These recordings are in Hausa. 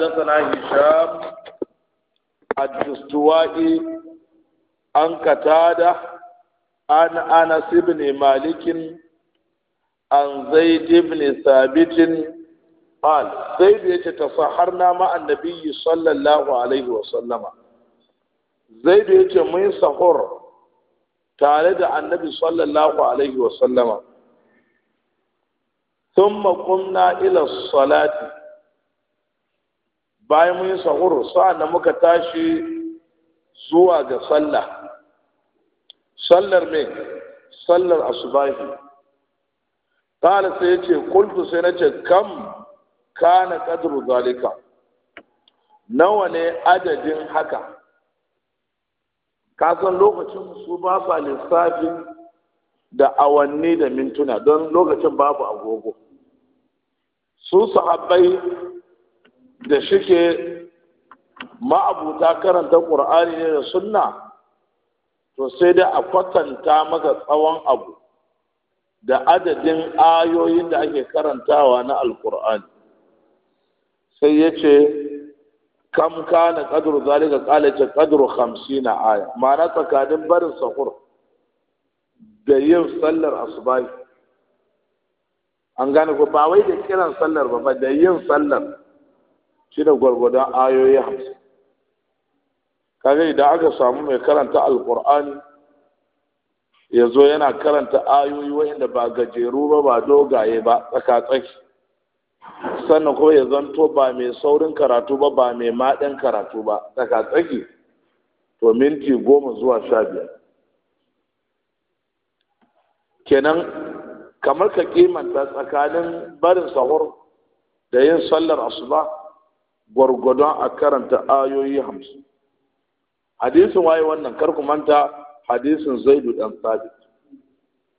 حدثنا هشام الدستوائي عن قتاده عن انس بن مالك عن زيد بن ثابت قال زيد يتصحرنا مع النبي صلى الله عليه وسلم زيد يتمين سحر tare da annabi sallallahu alaihi wasallama thumma qumna ila salati bayan mun yi sahur sa'an muka tashi zuwa ga sallah sallar me sallar asubahi qala sai yace qultu sai nace kam kana qadru zalika nawa ne adadin haka Ka san lokacin su ba sa lissafin da awanni da mintuna don lokacin babu agogo su sahabbai da shike ma'abuta karanta ƙur'ani ne da sunna to sai da a kwatanta maka tsawon abu da adadin ayoyin da ake karantawa na alƙur'ani sai ya ce kam kana kadru zalika ƙala ce kadru hamsin na aya ma'ana tsakanin barin sahur da yin sallar asubahi an gane ko ba wai da kiran sallar ba da yin sallar shi da gwargwadon ayoyi hamsin kaga idan aka samu mai karanta alkur'ani ya zo yana karanta ayoyi wa'inda ba gajeru ba ba dogaye ba tsaka-tsaki sannan kuma ya zanto ba mai saurin karatu ba ba mai maɗin karatu ba tsaka-tsaki to minti goma zuwa sha biyar kenan kamar ka kimanta tsakanin barin sahur da yin sallar asuba gwargwadon a karanta ayoyi hamsin hadisin waye wannan kar ku manta hadisin zaidu dan sabit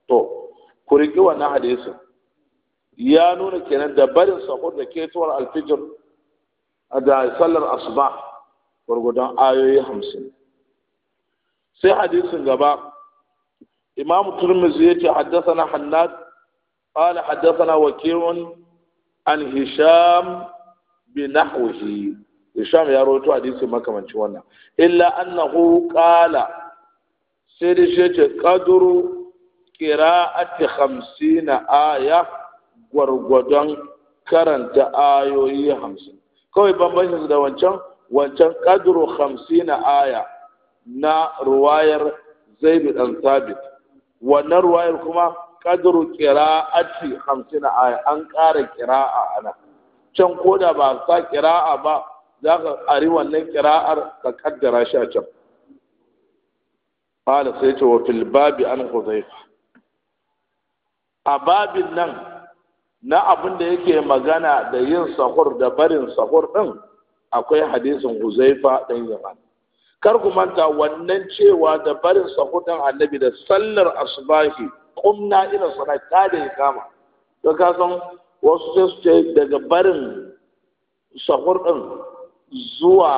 to ku riƙi wannan hadisin ya nuna kenan da barin sahur da ketowar alfijir da sallar asuba gwargwadon ayoyi hamsin sai hadisin gaba imam turmizi ya ce haddasa na hannad قال حدثنا وكيع عن هشام bi nahwihi Isham ya rawaito hadisi makamancin wannan illa annahu qala sai da shi ce qadru qira'ati 50 aya gwargwadon karanta ayoyi 50 kawai bambancin da wancan wancan qadru 50 aya na ruwayar Zaid dan Sabit wannan ruwayar kuma qadru qira'ati 50 aya an ƙara qira'a can ko da ba sa kira'a ba za ka ari wannan kira'ar ka kaddara shi a can qala sai ce wa fil babi an huzaifa a babin nan na abin da yake magana da yin sahur da barin sahur ɗin, akwai hadisin huzaifa dan yaman kar ku manta wannan cewa da barin sahur ɗin annabi da sallar asbahi kumna ina salat ta da kama ka san wasu sai su ce daga barin sahur ɗin zuwa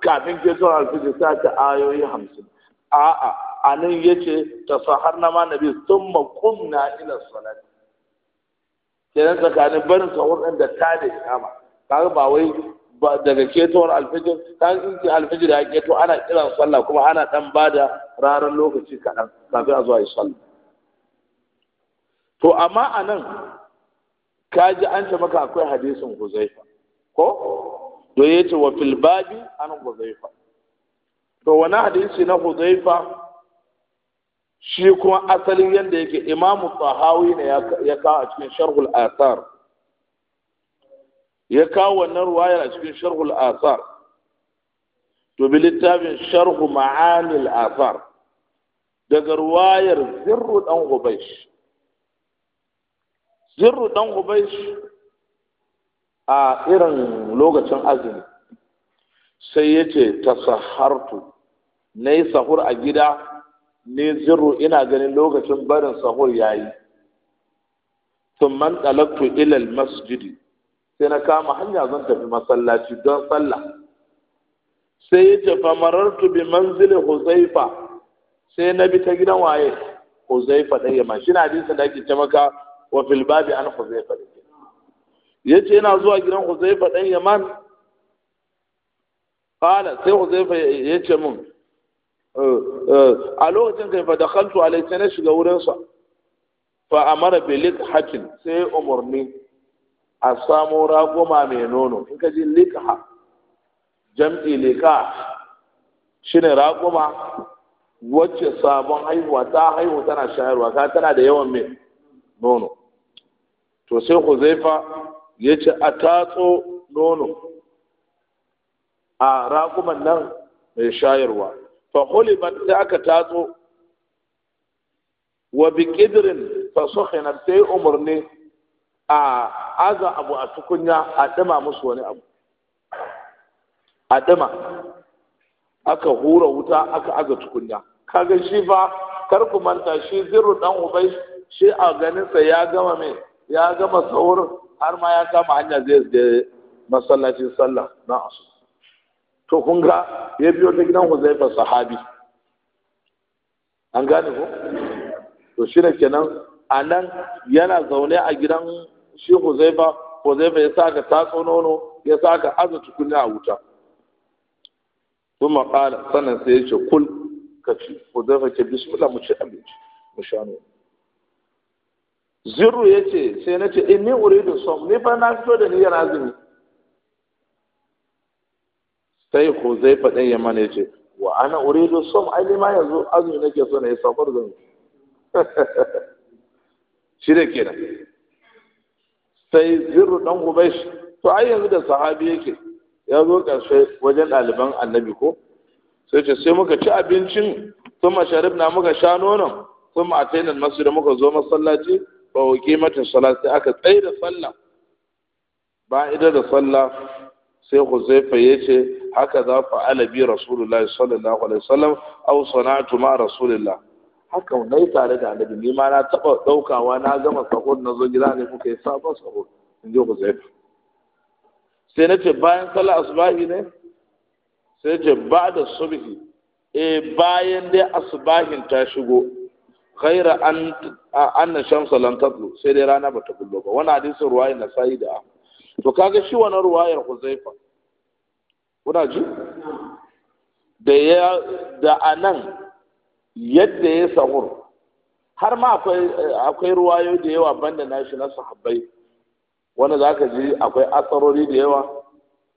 kafin zuwa alfiji ta ta ayoyi hamsin a'a a nan ya ce ta sahar na ma nabi sun makum na ila salati kenan tsakanin barin sahur ɗin da ta da kama kaga ba wai daga ketowar alfijir kan in alfijir ya keto ana kiran sallah kuma ana dan da ranar lokaci kaɗan kafin a zuwa yi sallah to amma a nan ka ji an ce maka akwai hadisin huzaifa ko to ya ce wa fil babi an huzaifa to wani hadisi na huzaifa shi kuma asalin yadda yake imamu tsahawi ne ya kawo a cikin sharhul asar ya kawo wannan ruwayar a cikin sharhul asar to bi littafin sharhu ma'anil asar daga ruwayar zirru dan hubaish zirru dan hubais a irin lokacin azumi sai ya ce ta sahartu na yi sahur a gida ne zirru ina ganin lokacin barin sahur ya yi man ɗalaktu ilal masjidi sai na kama hanya zan tafi masallaci don sallah sai ya ce famarartu bi manzilin huzaifa sai na bi ta gidan waye huzaifa ɗaya ma shi na da ake ce maka wa fil babi an huzaifa yace yana zuwa gidan huzaifa dan yaman fala sai huzaifa yace mun eh, eh, a lokacin kai fa dakhaltu alai sai na shiga wurin sa fa amara bilik likhatin sai umurni a samu ragoma mai nono in ka ji likha jam'i lika shine ragoma wacce sabon haihuwa ta haihu tana shayarwa ka tana da yawan mai nono to sai huzaifa ya ce a tatso nono a raƙuman nan mai shayarwa fa ba ta aka tatso wa bi qidrin fa sukhina sai umarni a aza abu a tukunya a dama musu wani abu a dama aka hura wuta aka aza tukunya kaga shi ba kar ku manta shi zirru dan ubai shi a ganin ya gama mai ya gama sahur har ma ya kama hanya zai zai masallacin sallah na asu to kun ga ya biyo ta gidan Huzaifa sahabi an gane ko to shi kenan a nan yana zaune a gidan shi Huzaifa Huzaifa ya saka tatso nono ya saka aza tukunna a wuta kuma qala sannan sai ya ce kul ka ci, Huzaifa ke bismillah mu ci abinci mu sha nono zirru ya ce sai na ce in ni uridu som ni fa na fito da niyyar azumi sai zai faɗin ya mana ya ce wa ana uridu som ai ni ma yanzu azumi nake so na yi safar zan shi da kenan sai zirru dan hubaish to ai yanzu da sahabi yake ya zo ƙarshe wajen ɗaliban annabi ko sai ce sai muka ci abincin sun masharif na muka sha nonon sun ma'atainan masu da muka zo masallaci ba wa kimatin sai aka tsaye da sallah ba ida da sallah sai huzaifa ya ce haka za fa alabi rasulullahi sallallahu alaihi wasallam aw sana'tu ma rasulillah haka nayi tare da annabi ni ma na taba daukawa na gama sahur na zo gida ne kuka yi sabon sahur in ji huzaifa sai na ce bayan sallah asbahi ne sai ce ba da subhi eh bayan dai asbahin ta shigo Kaira an anna shamsa lan tatlu sai dai rana bata bullo ba wannan hadisin ruwayi na sa'ida to kaga shi wannan ruwayar huzaifa kuna ji da ya da anan yadda ya sahur har ma akwai akwai ruwayo da yawa banda nashi na sahabbai wani zaka ji akwai asarori da yawa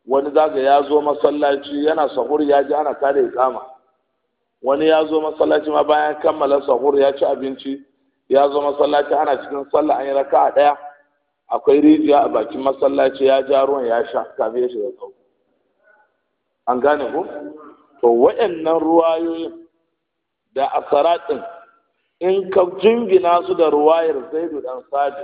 wani zaka ya zo masallaci yana sahur ya ji ana kada kama wani ya zo masallaci ma bayan kammala sahur ya ci abinci ya zo masallaci ana cikin sallah an yi raka a ɗaya akwai rijiya a bakin masallaci ya ja ruwan ya sha kafin ya shiga tsawo an gane ku to waɗannan ruwayoyin da asaratin in ka jingina su da ruwayar zaidu dan sadi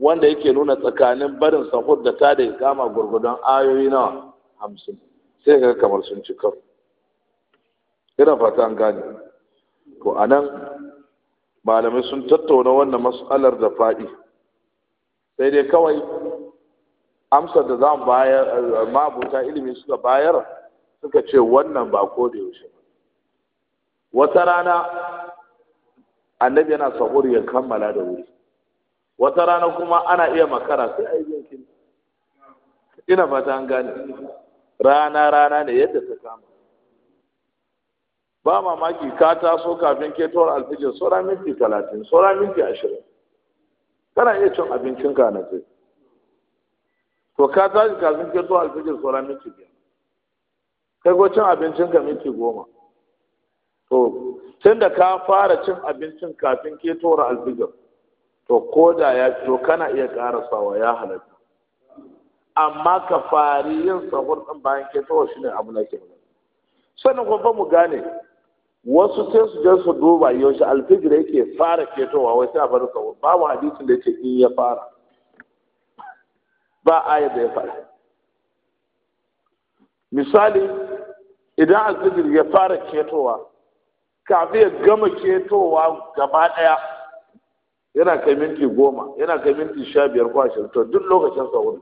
wanda yake nuna tsakanin barin sahur da ta da kama gurgudan ayoyi nawa hamsin sai ka kamar sun ci karo ina fata an gane to anan malamai sun tattauna wannan mas'alar da faɗi sai dai kawai amsar da za mu bayar mabuta ilimi suka bayar suka ce wannan ba ko da yaushe wata rana annabi yana sahuri ya kammala da wuri wata rana kuma ana iya makara sai a yi yankin ina fata an gane rana rana ne yadda ta kama ba mamaki ka taso kafin tora alfijir saura minti talatin saura minti ashirin kana iya cin abincinka na ce to ka tashi kafin tora alfijir saura minti biyar kai ko cin abincinka minti goma to tun da ka fara cin abincin kafin tora alfijir to ko da ya fito kana iya karasawa ya halatta amma ka fari yin sahur ɗin bayan ketowar shi ne abu na ke sannan kuma mu gane wasu sai su je su duba yaushe alfijira yake fara ketowa wai sai a bar sa babu hadisin da yake in ya fara ba ayar da ya fara misali idan alfijir ya fara ketowa kafin ya gama ketowa gaba ɗaya yana kai minti goma yana kai minti sha biyar ko ashirin to duk lokacin sahur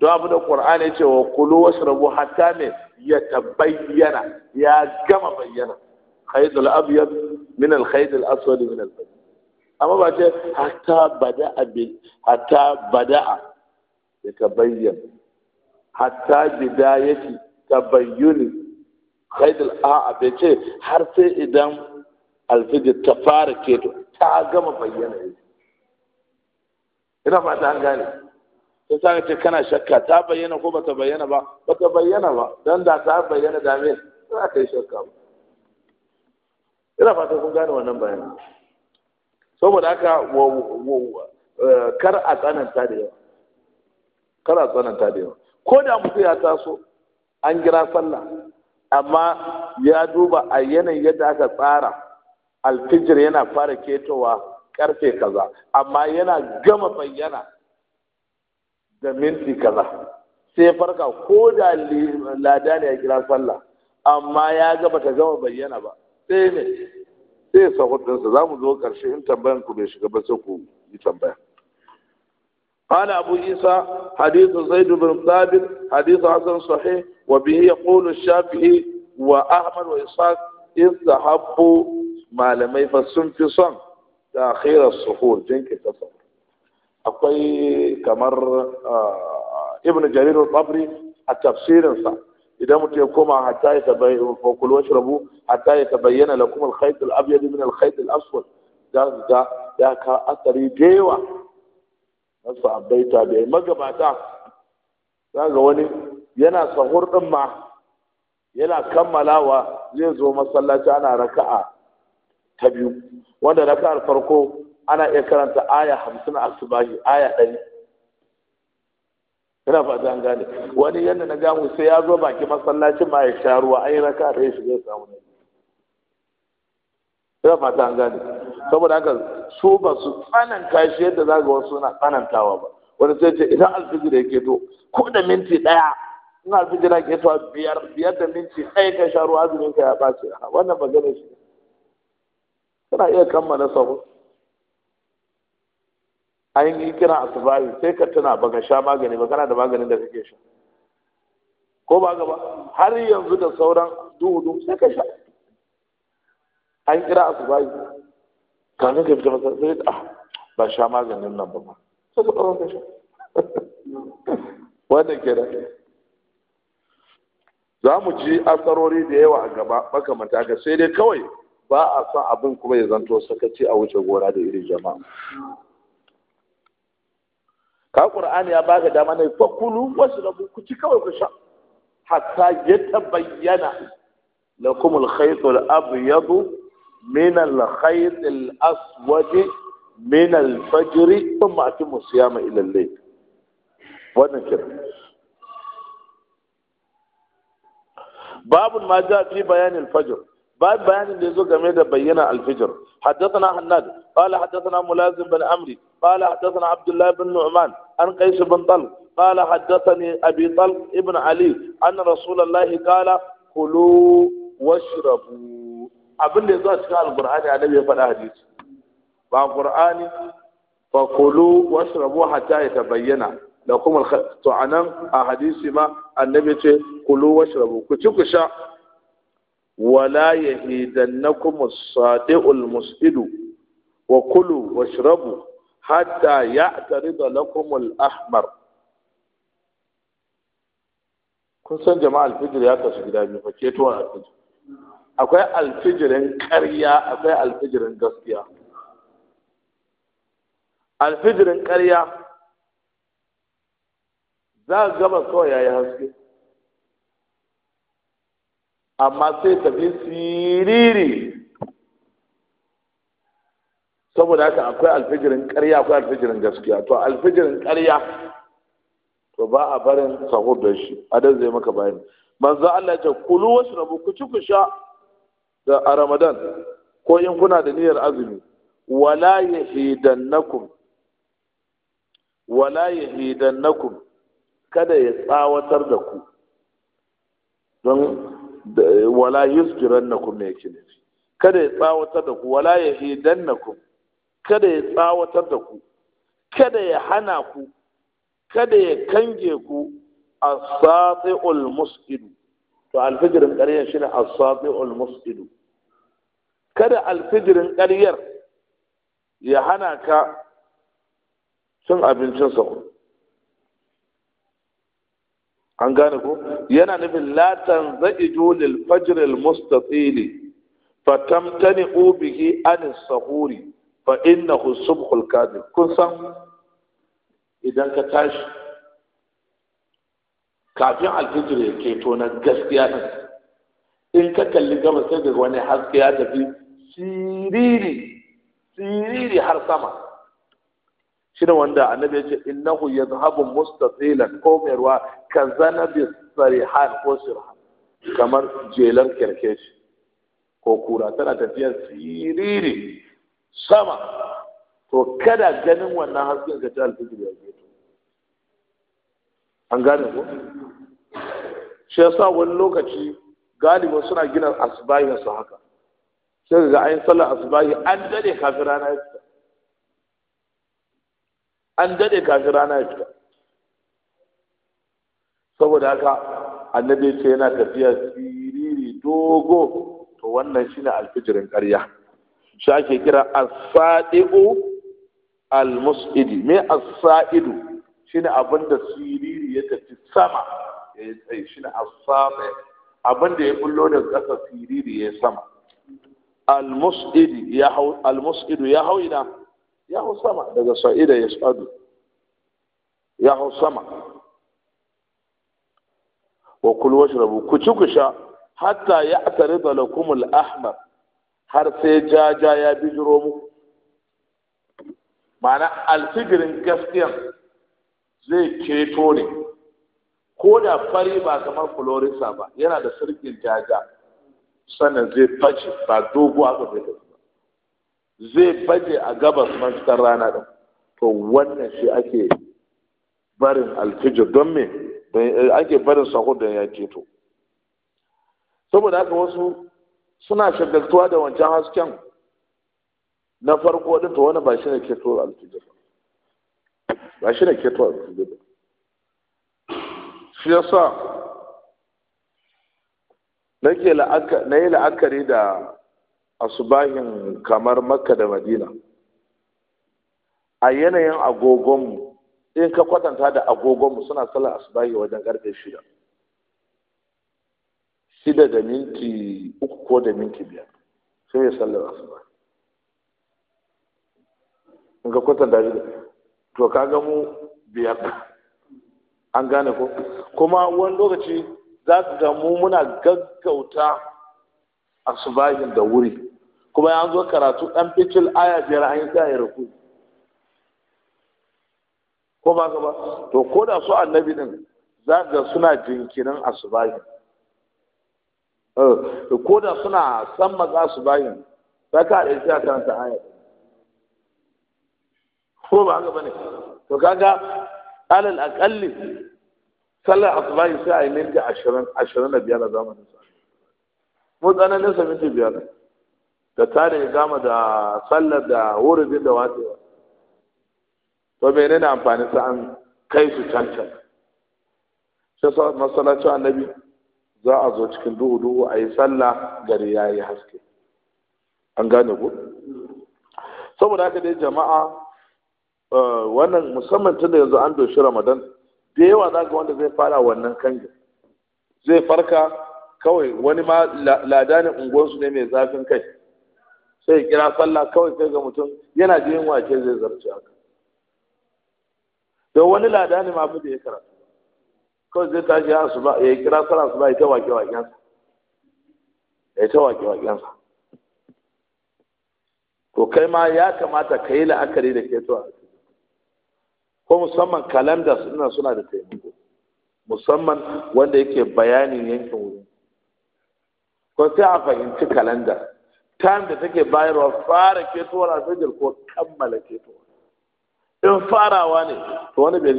don abu da ƙur'ani ce wa kulu wasu rabu hatta ne ya tabbayyana ya gama bayyana خيط الابيض من الخيط الاسود من aswad اما بعد حتى بدا ce hatta bada'a bi hatta bada'a ya tabayyan hatta bidayati tabayyuni khayd al a'a bai ce har sai ta gane sai sa ce kana shakka ta bayyana ko ba ta bayyana ba Ba ta bayyana ba dan da ta bayyana da me za ka yi shakka ba ina fata kun gane wannan bayani saboda haka eh, kar a tsananta da yawa ko da mutum ya taso an gira sallah amma ya duba a yanayin yadda aka tsara alfijir yana fara ketowa karfe kaza amma yana gama bayyana da minti kaza sai farka ko da lada ne ya gira sallah amma ya gaba ta gama bayyana ba ɗaya ne sai ya sauko tunsa za mu zo ƙarshe in tambayan ku bai shiga ba sai ku yi tambaya. Kana Abu Isa hadisu zai dubi sabis hadisu Hassan Sahi wa biyu ya shafi'i wa Ahmadu Isa in za malamai ba sun fi son da akira su hul jin kika sa. Akwai kamar ah, Ibn Jarirul Babri a tafsirinsa idan mutum ya koma hatta ya tabayyana fa kulu washrabu hatta ya tabayyana lakum al-khayt al-abyad min al-khayt al-aswad da da ya ka asari da yawa na sahabbai tabi'ai magabata ga wani yana sahur din ma yana kammalawa zai zo masallaci ana raka'a ta biyu wanda raka'ar farko ana iya karanta aya hamsin asubahi aya ɗari ina fata an gane wani yadda na gamu sai ya zo baki masallacin ma ya sha ruwa ai raka da ya shiga samu ne ina fata an gane saboda haka su ba su tsananta shi yadda za ga wasu na tsanantawa ba wani sai ce idan alfijir ya keto ko da minti ɗaya in alfijir ya keto biyar biyar da minti ɗaya ka sha ruwa azumin ka ya ɓace wannan ba gane shi kana iya kammala sabo an yi kira asubahi sai ka tuna ba ka sha magani ba kana da maganin da kake sha ko ba gaba har yanzu da sauran duhu duhu sai ka sha an kira asubahi kanin ka fita masa sai ah ba sha maganin nan ba sai ka ɗaura ka sha wannan kenan za mu ji asarori da yawa a gaba baka mataka sai dai kawai ba a son abin kuma ya zanto sakaci a wuce gora da irin jama'a ka qur'ani ya baka dama ne fa kulu washrabu ku ci kawai ku sha hatta yatabayyana lakum al-khayt al-abyad min al-khayt al-aswad min al-fajr thumma atimu siyama ila al-layl wannan kenan باب ما جاء في بيان الفجر باب بيان اللي زوج ميدا بينا الفجر حدثنا حناد قال حدثنا ملازم بن عمري قال حدثنا عبد الله بن نعمان عن قيس بن طلق قال حدثني أبي طلق ابن علي أن رسول الله قال كلوا واشربوا أبن لي ذات قال القرآن على النبي فلا حديث القران فكلوا واشربوا حتى يتبين لكم الخط عن أحاديث ما النبي تقول كلوا واشربوا كتب شاء ولا يهيدنكم الصادق المسئد وكلوا واشربوا hatta ya'tarida lakum al-ahmar kun san jama'a alfijir ya kasu gida biyu fa keto alfijir akwai alfijirin ƙarya akwai alfijirin gaskiya alfijirin ƙarya za ka gaba kawai yayi haske amma sai tafi siriri saboda haka akwai alfijirin ƙarya akwai alfijirin gaskiya to alfijirin ƙarya to ba a barin sahur da shi adan zai maka bayani manzo Allah ya ce kulu washrabu ku ci ku sha da a Ramadan ko in kuna da niyyar azumi wala yahidannakum wala yahidannakum kada ya tsawatar da ku don wala yusjirannakum ne yake kada ya tsawatar da ku wala yahidannakum kada ya tsawatar da ku kada ya hana ku kada ya kange ku as-sati'ul mus'idu to alfijirin ƙaryar shine as-sati'ul mus'idu kada alfijirin ƙaryar ya hana ka cin abincin sa, an gane ko yana nufin la tanzaidu lil fajr al mustatili fatamtani bihi an sahuri fa innahu subhul kadhib kun san idan ka tashi kafin alfijir ya to na gaskiya ne in ka kalli gaba sai ga wani haske ya tafi siriri siriri har sama shi ne wanda annabi ya ce innahu yadhhabu mustaqilan ko mai ruwa ka zanabi sarihan ko sirhan kamar jelar kerkeci ko kura tana tafiya siriri sama to kada ganin wannan hasken ka ta alfijir ya ke an gane ko shi yasa wani lokaci galibin suna gina asbahi su haka sai ga ayin sallar asbahi an dade kafin rana ya fita an dade kafin rana ya fita saboda haka annabi ce yana tafiya siriri dogo to wannan shine alfijirin ƙarya Shake ake kira as al-musidi me as-saidu shine da siriri ya tafi sama ya tsaye shine as abin da ya bullo da kasa siriri ya sama al-musidi ya hau al ya hau ina ya hau sama daga sa'ida ya sadu ya hau sama wa kul washrabu ku ci ku sha hatta ya'tarida lakum al-ahmar har sai jaja ya bijiro mu, ma'ana alfigirin gaskiyan zai keto ne ko da fari ba kamar florisa ba yana da sarkin jaja sannan zai fashe ba dogo aka zai ba zai baje a gabas mafitar rana ɗin to wannan shi ake barin alfijir don me eh, ake barin sako da ya keto saboda haka wasu suna shagaltuwa da wancan hasken na farko din to wani ba shi ne keto alfijar. ba shi ne keto alfijar. shi ya sa na yi la'akari da asubahin kamar makka da madina a yanayin agogonmu in ka kwatanta da agogonmu suna sallar asubahi wajen karfe shida shida da minti uku ko da minti biyar sai ya sallar asuba in kwatan kwatanta shi to ka ga mu biyar an gane ko kuma wani lokaci za ka ga mu muna gaggauta asubahin da wuri kuma ya zo karatu ɗan fitil aya biyar an yi tsaye ruku ko ba ka ba to ko da su annabi din za ga suna jinkirin asubahin Eh, ko da suna san maza su bayin sai ka da kan ta aya ko ba ga bane to kaga alal aqalli sallar asbahi sai a yi minti ashirin ashirin da biyar a zamanin sa mu ne sai minti biyar da tare gama da sallar da wurin da watsewa to menene amfani sa an kai su can can sai masallacin annabi za a zo cikin duhu duhu a yi sallah gari ya yi haske an gane ku saboda haka dai jama'a eh, wannan musamman tun da yanzu an doshi ramadan da yawa za ga wanda zai fara wannan kangin zai farka kawai wani ma lada ne unguwansu ne mai zafin kai sai kira sallah kawai sai ga mutum yana jin wace zai zarce haka don wani lada ne ma fi da ya karanta kawai zai tashi ya asuba ya kira sana asuba ya ta wake wakensa ya ta wake sa. to kai ma ya kamata ka yi la'akari da ke to ko musamman kalanda suna suna da taimako musamman wanda yake bayanin yankin wurin ko sai a fahimci kalanda time da take bayarwa fara ketowar alfajir ko kammala ketowar in farawa ne to wani bai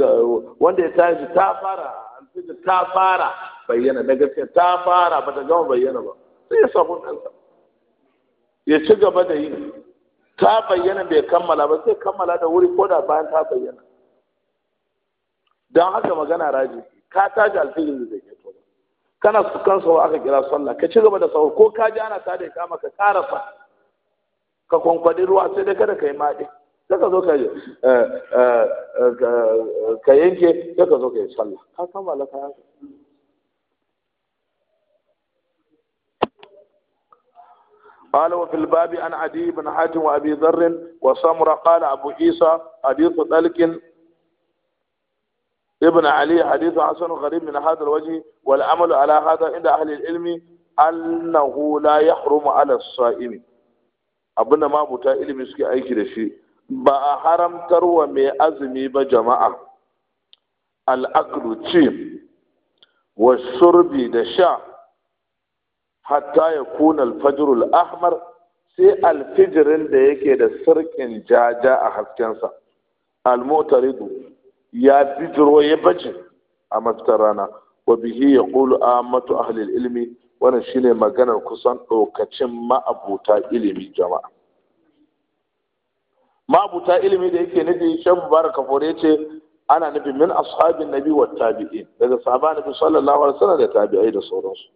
wanda ya tashi ta fara da ta fara bayyana daga gaskiya ta fara ba ta gama bayyana ba sai ya samu kansa ya ci gaba da yi ta bayyana bai kammala ba sai kammala da wuri ko da bayan ta bayyana don haka magana raji ka ji alfilin da zai keto ba kana kan sawa aka kira sallah ka ci gaba da sawa ko ka ji ana tada ya kama ka karasa ka kwankwadi ruwa sai dai kada ka yi maɗi zo ka eh, eh, eh, ka yanke zo ka yi sallah ka قال وفي الباب عن عدي بن حاتم وابي ذر وسمره قال ابو عيسى حديث طلق ابن علي حديث حسن غريب من هذا الوجه والعمل على هذا عند اهل العلم انه لا يحرم على الصائم ابن ما بوتا suke aiki ايكي shi ba a haramtar wa mai azumi ba jama'a al'akru ci wa Surbi da sha hatta ya kuna alfajir ahmar sai alfijirin da yake da sirkin jaja a haskensa almotaridu ya bijiro ya baje a mafitar rana wa bihi ya ƙulu matu ahalil ilmi wannan shine maganar kusan ɗaukacin ma'abuta ilimi jama'a mabuta ilimi da yake nufi shan mubaraka ya ce ana nufin min ashabin nabi wa tabi'in daga sahaba nabi sallallahu alaihi wasallam da tabi'ai da sauransu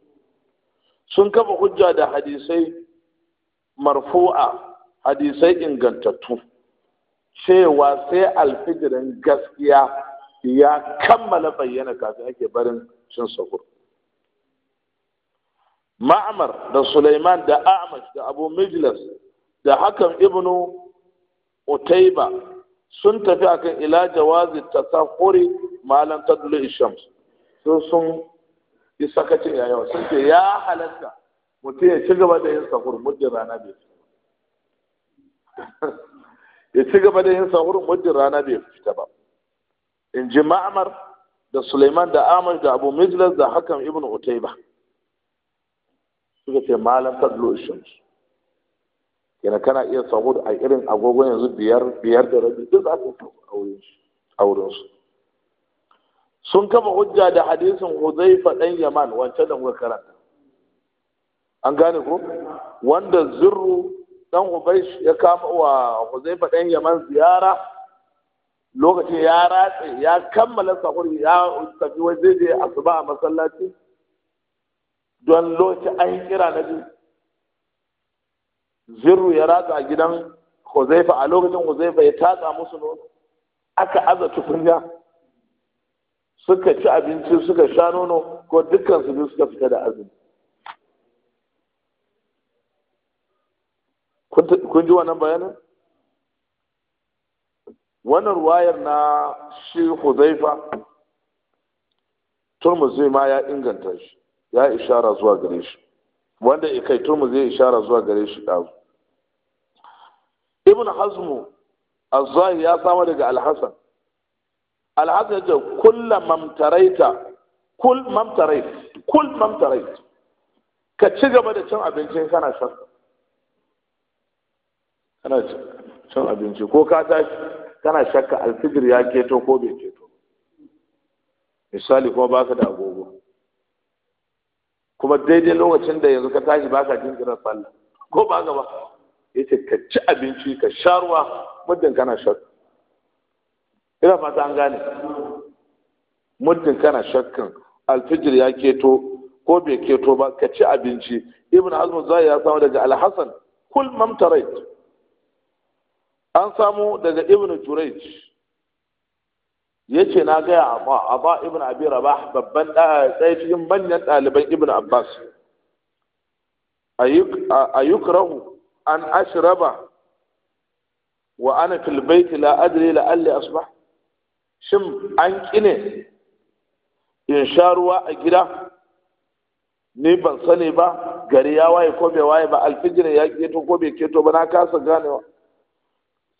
sun kafa hujja da hadisai marfu'a hadisai ingantattu cewa sai alfijirin gaskiya ya kammala bayyana kafin ake barin cin sahur ma'amar da suleiman da amash da abu mijlas da hakan ibnu utaiba sun tafi akan ila jawazi tasahuri malam tadlu ishams sun sun yi sakacin yayawa sun ce ya halatta mutum ya ci gaba da yin sahur muddin rana bai fita ya ci gaba da yin sahur muddin rana bai fita ba in ji ma'amar da suleiman da amur da abu mijlas da hakan ibn utaiba suka ce malam tadlu ishams yana kana iya samu a irin agogon yanzu biyar biyar da rabi duk za ka auren su sun kafa hujja da hadisin Huzaifa dan Yaman wancan da muka karanta an gane ko wanda zurru dan Ubaish ya kama wa Huzaifa dan Yaman ziyara lokacin ya ratse ya kammala sahur ya tafi waje da asuba a masallaci don lokacin an kira na biyu zirru ya ratsa gidan huzaifa a lokacin huzaifa ya tatsa musu nono aka aza tukunya suka ci abinci suka sha nono ko dukkan su biyu suka fita da azumi kun ji wannan bayanin wannan ruwayar na shi huzaifa turmuzi ma ya inganta shi ya ishara zuwa gare shi wanda ya kai turmuzi ya ishara zuwa gare shi ɗazu ibn hazm az-zahir ya samu daga al-hasan al-hasan kullu mamtaraita kul mamtarait kul mamtarait ka ci gaba da cin abinci kana shan kana cin abinci ko ka tashi kana shakka alfijir ya keto ko bai keto misali kuma baka da agogo kuma daidai lokacin da yanzu ka tashi baka jin kiran sallah ko ba gaba yace ka ci abinci ka sha ruwa muddin kana shakka ina fata an gane muddin kana shakkan alfijir ya keto ko bai keto ba ka ci abinci ibn azmu zai ya samu daga alhasan kul mamtarait an samu daga ibn jurayj yace na gaya amma aba ibn abi rabah babban ɗaya cikin manyan ɗaliban ibn abbas ayukrahu an ashraba wa ana fil baiti la adri la alli asbah shin an kine in sha ruwa a gida ni ban sani ba gari ya waye ko bai waye ba alfijir ya keto ko bai keto ba na kasa ganewa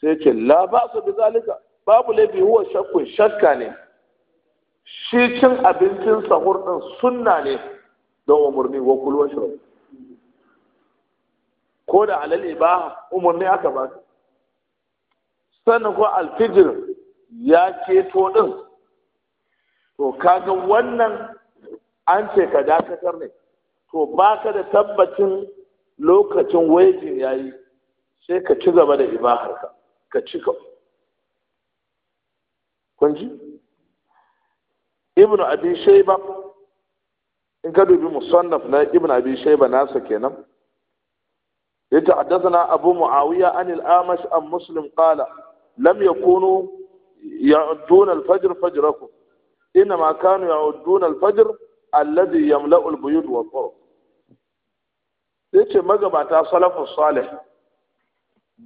sai ce la ba su bi zalika babu laifi huwa shakku shakka ne shi cin abincin sahur din sunna ne don umurni wa kulwa shirau ko da halal ibaha umarni aka ba sannan ko alfijir ya ceto din to kaga wannan an ce ka dakatar ne to baka da tabbacin lokacin wajin yi, sai ka ci gaba da ibaharka ka ci ka kunji ibnu abi shayba in ka dubi musannaf na ibnu abi shayba nasa kenan yace haddathana abu muawiya an al-amash an muslim qala lam yakunu ya'dun al-fajr fajrakum inma kanu ya'dun al-fajr alladhi yamla'u al-buyut wa turuq yace magabata salafus salih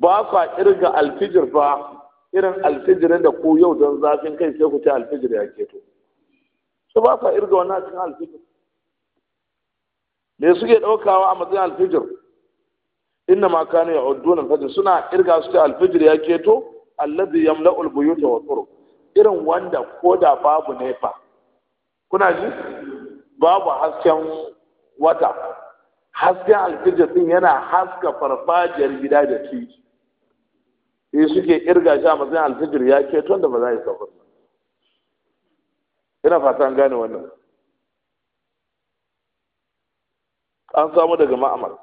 ba kirga alfijir ba irin alfijirin da ku yau don zafin kai sai ku ta alfijir ya keto su ba sa irga wannan cikin alfijir me suke ɗaukawa a matsayin alfijir inna ma kana ya'udduna al-fajr suna irga su ta al-fajr ya keto alladhi yamla'u al-buyut wa turuq irin wanda koda babu nefa kuna ji babu hasken wata hasken al-fajr din yana haska farfajiyar gida da titi sai suke irga shi a matsayin al-fajr ya keto da ba za su yi safar ina fatan gane wannan an samu daga ma'amar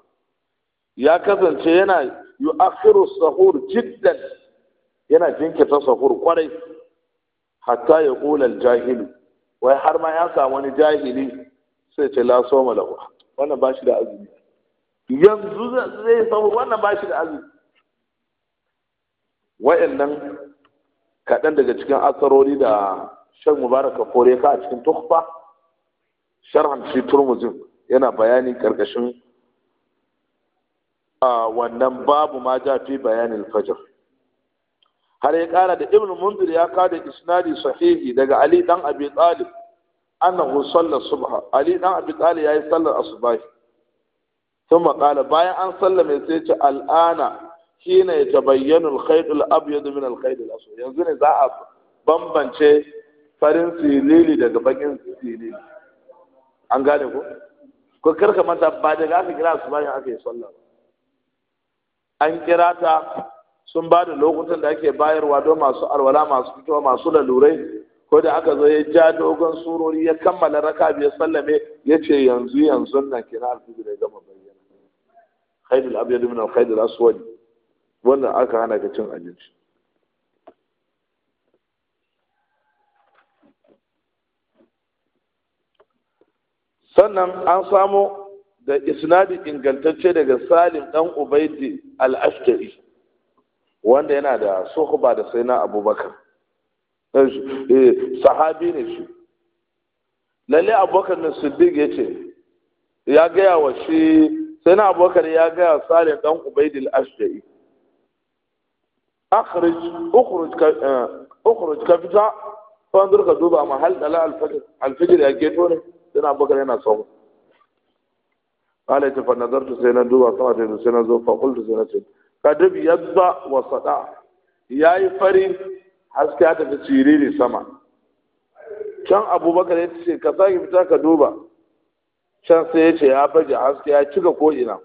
ya kasance yana yu'akhiru sahur jiddan yana jinkirta sahur kwarai hatta ya kula jahilu wai har ma ya samu wani jahili sai ce la soma lahu wannan ba shi da azumi yanzu zai sahur wannan ba shi da azumi wa'annan kaɗan daga cikin asarori da shan mubaraka kore ka a cikin tuhfa sharhan shi turmuzin yana bayani karkashin wannan babu ma ja fi bayanin fajr har ya kara da ibn munzir ya kada isnadi sahihi daga ali dan abi talib annahu salla subha ali dan abi talib yayi sallar asbahi ثم قال bayan an mai sai ce al'ana shine yatabayyanu al-khayt al-abyad min al-khayt al-aswad yanzu ne za a bambance farin silili daga bakin silili an gane ko ko karka manta ba daga aka kira su bayan aka yi sallah an kira ta sun ba da lokutan da ake bayarwa don masu alwala masu fitowa masu lalurai ko da aka zo ya ja dogon surori ya kammala raka biyar sallame ya ce yanzu yanzu na kira alfijir ya gama bayyana khaidul abyad min al khaidul aswad wannan aka hana ka cin abinci sannan an samu da isnadi ingantacce daga salim dan ubaidi al-ashkari wanda yana da suhba da sai na abubakar eh, eh, sahabi ne shi lalle abubakar na siddiq ya ce ya gaya wa shi sai na abubakar ya gaya salim dan ubaidi al eh, fa andur ka duba كفتا dalal al-fajr al-fajr ya geto ne سنة أبو بكر yana صوم qala ta fa nazartu sai na duba sama ta sai na zo fa qultu sai na ce kad yadda wa sada yayi fari haske ta ta ciriri sama can abubakar ya ce ka sake fita ka duba can sai ya ce ya baje haske ya cika ko ina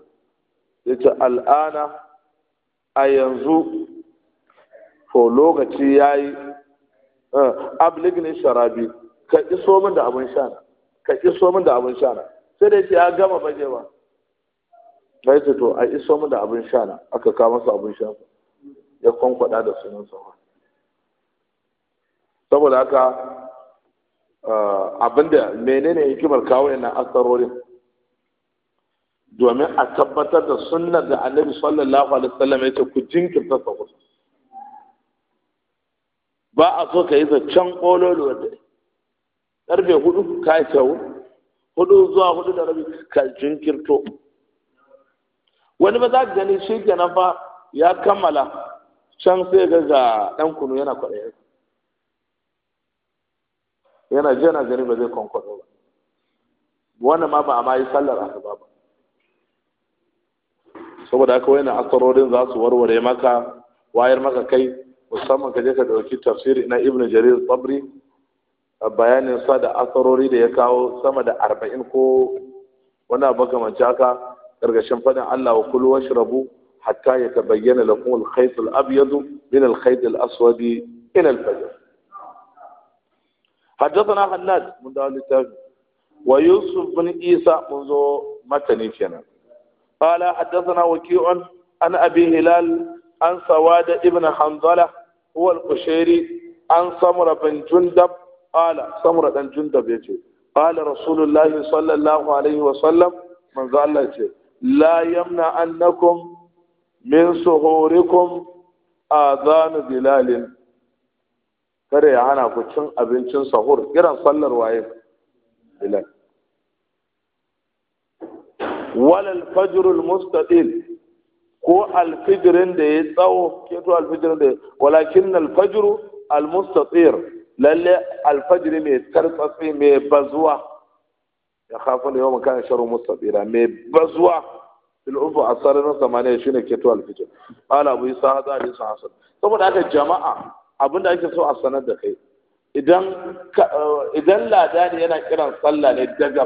ya ce al'ana a yanzu ko lokaci ya yi abligni sharabi ka iso ka iso min da abin sha sai dai ya gama bajewa ba yi to a iso mu da abin sha na aka kawo masa abin sha ya kwankwada da sunan sauran saboda haka abinda menene hikimar kawo yana asarorin domin a tabbatar da sunnar da annabi sallallahu alaihi wasallam ya ce ku jinkirta sahur ba a so ka yi zaccen kololo da ƙarfe hudu ka yi kyau. hudu zuwa hudu da rabi ka jinkirto wani ba za ka gani shi nan fa ya kammala can sai ga ga ɗan kunu yana kwaɗayi yana ji yana gani ba zai kwankwaɗo ba wannan ma ba a ma yi sallar asuba ba saboda haka wani asarorin za su warware maka wayar maka kai musamman ka je ka ɗauki tafsiri na ibnu jarir tsabri bayanin sa da asarori da ya kawo sama da arba'in ko wani abu makamanci haka ƙarƙashin faɗin Allah wa kulu washrabu hatta ya tabayyana lakum al-khayt al-abyad min al-khayt al-aswad ila al-fajr حدثنا حناد من دار التابع ويوسف بن عيسى منذ متن كنا قال حدثنا وكيع عن ابي هلال عن سواد ابن حنظله هو القشيري عن سمره بن جندب qala samura dan jundab ce. qala rasulullahi sallallahu alaihi wa sallam manzo Allah yace la yamna annakum min suhurikum adhan bilalin kada ya hana ku cin abincin sahur kiran sallar waye bilal wala al-fajr al-mustaqil ko alfijirin da ya tsawo keto alfijirin da walakin alfajru almustatir lalle alfajiri mai tarfafi mai bazuwa ya kafin da yawan kana sharu mustatira mai bazuwa fil ufu asarin samaniya shine keto alfijir ala bu isa hada su hasan saboda haka jama'a abinda ake so a sanar da kai idan eh, idan ladani yana kiran sallah ne daga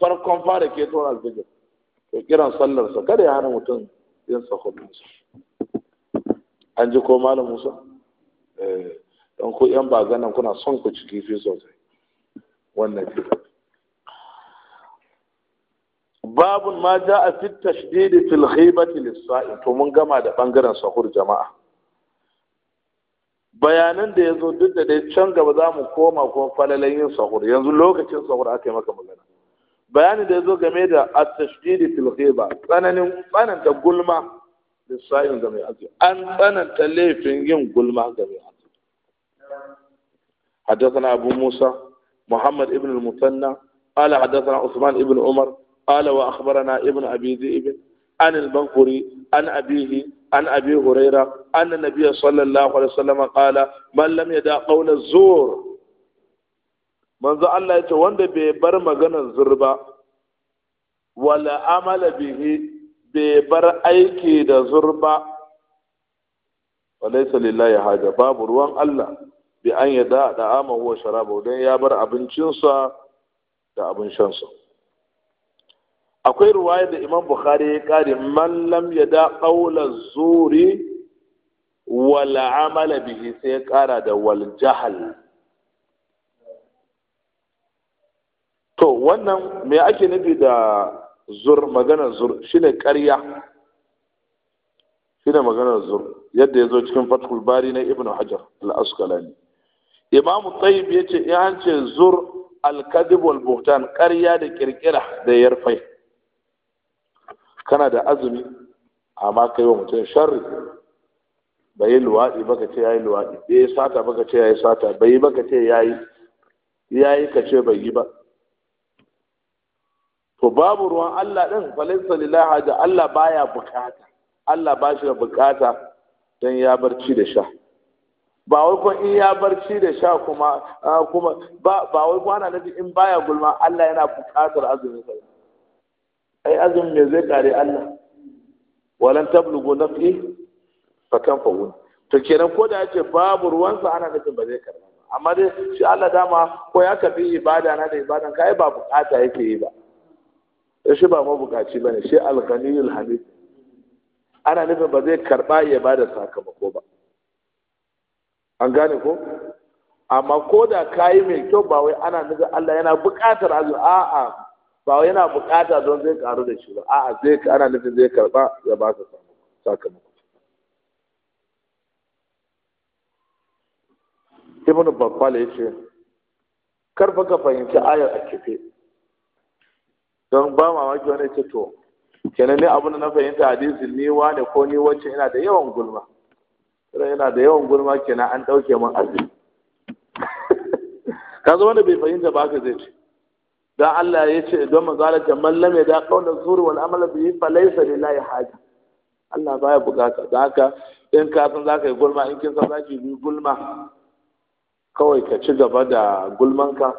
farkon fara keto alfijir to kiran sallar sa kada ya hana mutum yin sahur an ji ko malam musa eh don ku yan bazanan kuna son ku ci kifi sosai wannan kifi babun ma ja a fi tashdidi fil ba lis-sa'im to mun gama da bangaren sahur jama'a bayanan da yazo duk da dai can gaba za mu koma ko falalan yin sahur yanzu lokacin sahur aka yi maka magana bayanin da yazo game da at-tashdidi fil ba, tsananin tsananta gulma lis-sa'im ga mai azumi an tsananta laifin yin gulma ga mai حدثنا أبو موسى محمد ابن المثنى قال حدثنا عثمان ابن عمر قال وأخبرنا ابن أبي ذئب عن البنكري عن أبيه عن أبي هريرة أن النبي صلى الله عليه وسلم قال من لم يدع قول الزور من ذا الله يتوان بيبر مغنى الزربة ولا عمل به ببر أيكي دا زربة وليس لله حاجة باب روان الله bi an ya da da aman huwa sharaba don ya bar abincinsa da abin shansa akwai ruwaya da imam bukhari ya kare man lam ya da qawla zuri wal amala bihi sai ya kara da wal jahal to wannan me ake nufi da zur magana zur shine ƙarya shine maganar zur yadda ya zo cikin fathul bari na ibnu hajar al-asqalani imamu tsayib ya ce in an ce zur alkadib wal buhtan ƙarya da kirkira da yarfai kana da azumi amma kai wa mutum sharri bai yi luwaɗi baka ce yayi luwaɗi bai yi sata baka ce yayi sata bai yi baka ce yayi yayi ka ce bai yi ba to babu ruwan Allah din falaysa lillahi haja Allah baya bukata Allah ba shi da bukata dan ya barci da sha ba wai ko in ya barci da sha kuma kuma ba wai ko ana nufi in baya gulma Allah yana buƙatar azumin sa ai azumin me zai kare Allah walan tablugu nafi fa kan wun to kenan ko da yake babu ruwansa ana nufin ba zai karba amma dai shi Allah dama ko ya kafi ibada na da ibadan kai ba bukata yake yi ba shi ba mabukaci bane shi al-ghaniyul hamid ana nufin ba zai karba ya bada sakamako ba an gane ko amma ko da kayi mai kyau ba wai ana nufin Allah yana buƙatar azumi a'a ba wai yana buƙata don zai karu da shi ba a'a zai ana nufin zai karba ya ba ka sakamako ibnu babbal ya ce fa ka fahimci ayar a kife don ba mamaki wani ce to kenan ne abin da na fahimta hadisi ni wane ko ni wacce ina da yawan gulma sai yana da yawan gulma kenan an dauke min Ka kaza wanda bai fahimta ba ka zai ce dan Allah ya ce don manzala ta mallame da kauna zuri wal amala bihi fa laysa lillahi haja Allah baya bukata da haka in ka san zaka yi gulma in kin san zaki yi gulma kawai ka ci gaba da gulmanka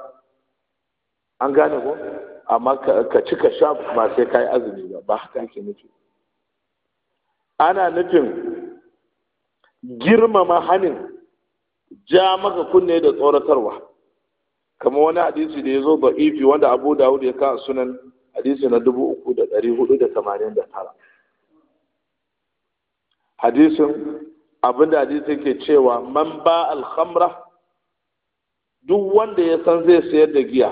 an gane ko amma ka ci ka sha ba sai ka yi azumi ba ba haka ake nufi ana nufin girmama hanin ja maka kunne da tsoratarwa kamar wani hadisi da ya zo ba ifi wanda abu dawud ya kawo sunan hadisi na dubu uku hadisin abinda hadisi ke cewa man ba alhamra duk wanda ya san zai sayar da giya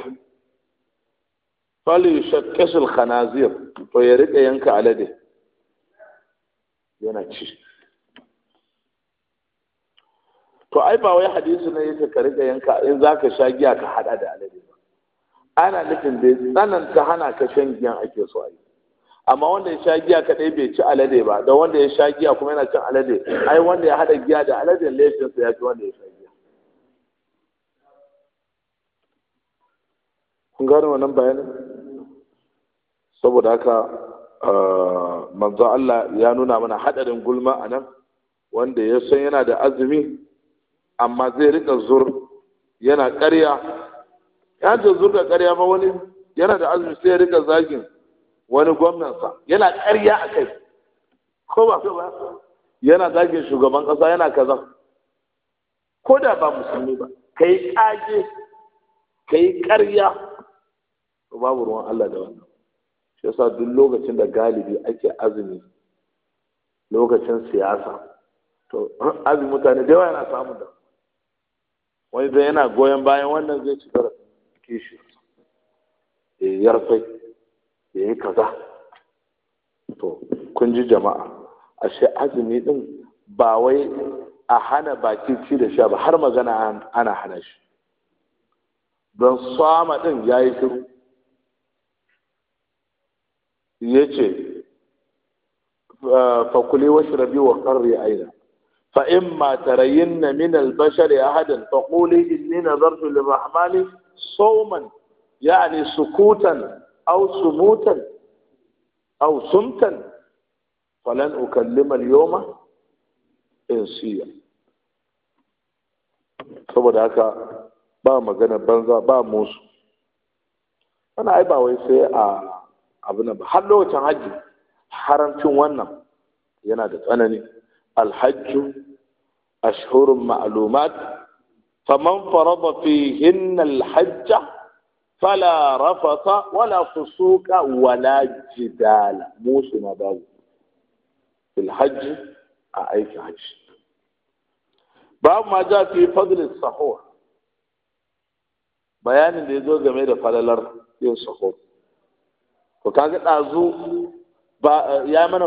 fali shakkashil khanazir to ya riƙa yanka alade yana ci to ai ba wai hadisi ne yake ka riga yanka in zaka sha giya ka hada da alade ba ana nufin dai tsananta hana ka shan giyan ake so ai amma wanda ya sha giya kadai bai ci alade ba da wanda ya sha giya kuma yana cin alade ai wanda ya hada giya da alade laifin sa ya fi wanda ya sha giya kun gane wannan bayanin saboda haka ah, manzo Allah ya nuna mana hadarin gulma anan wanda ya san yana da azumi amma zai rika zur yana ƙarya ya ce zur da ƙarya ba wani yana da azumi sai ya rika zagin wani gwamnansa yana ƙarya a kai ko ba ko ba yana zagin shugaban ƙasa yana kaza ko da ba musulmi ba kai ƙage kai ƙarya babu ruwan Allah da wannan shi yasa duk lokacin da galibi ake azumi lokacin siyasa to azumi mutane da yawa yana samun da wani zai yana goyon bayan wannan zai ci kishi ya yi yarfai ya yi kaza to kun ji jama'a ashe azumi din ba wai a hana baki ci da sha ba har magana ana hana shi don sama din ya yi shiru ya ce fakuli wasu rabi wa karri aina فإما ترين من البشر أحدا فقولي إني نظرت للرحمن صوما يعني سكوتا أو سموتا أو سمتا فلن أكلم اليوم إنسيا saboda haka ba magana banza ba musu wani ai ba wai sai a abu na ba har lokacin hajji haramcin wannan yana da tsanani الحج أشهر معلومات فمن فرض فيهن الحج فلا رفث ولا فسوق ولا جدال موسم باو في الحج أعيك حج باب ما جاء في فضل السحور بيان اللي يزور zo فلا da falalar yin sahur to kaga ɗazu بيان mana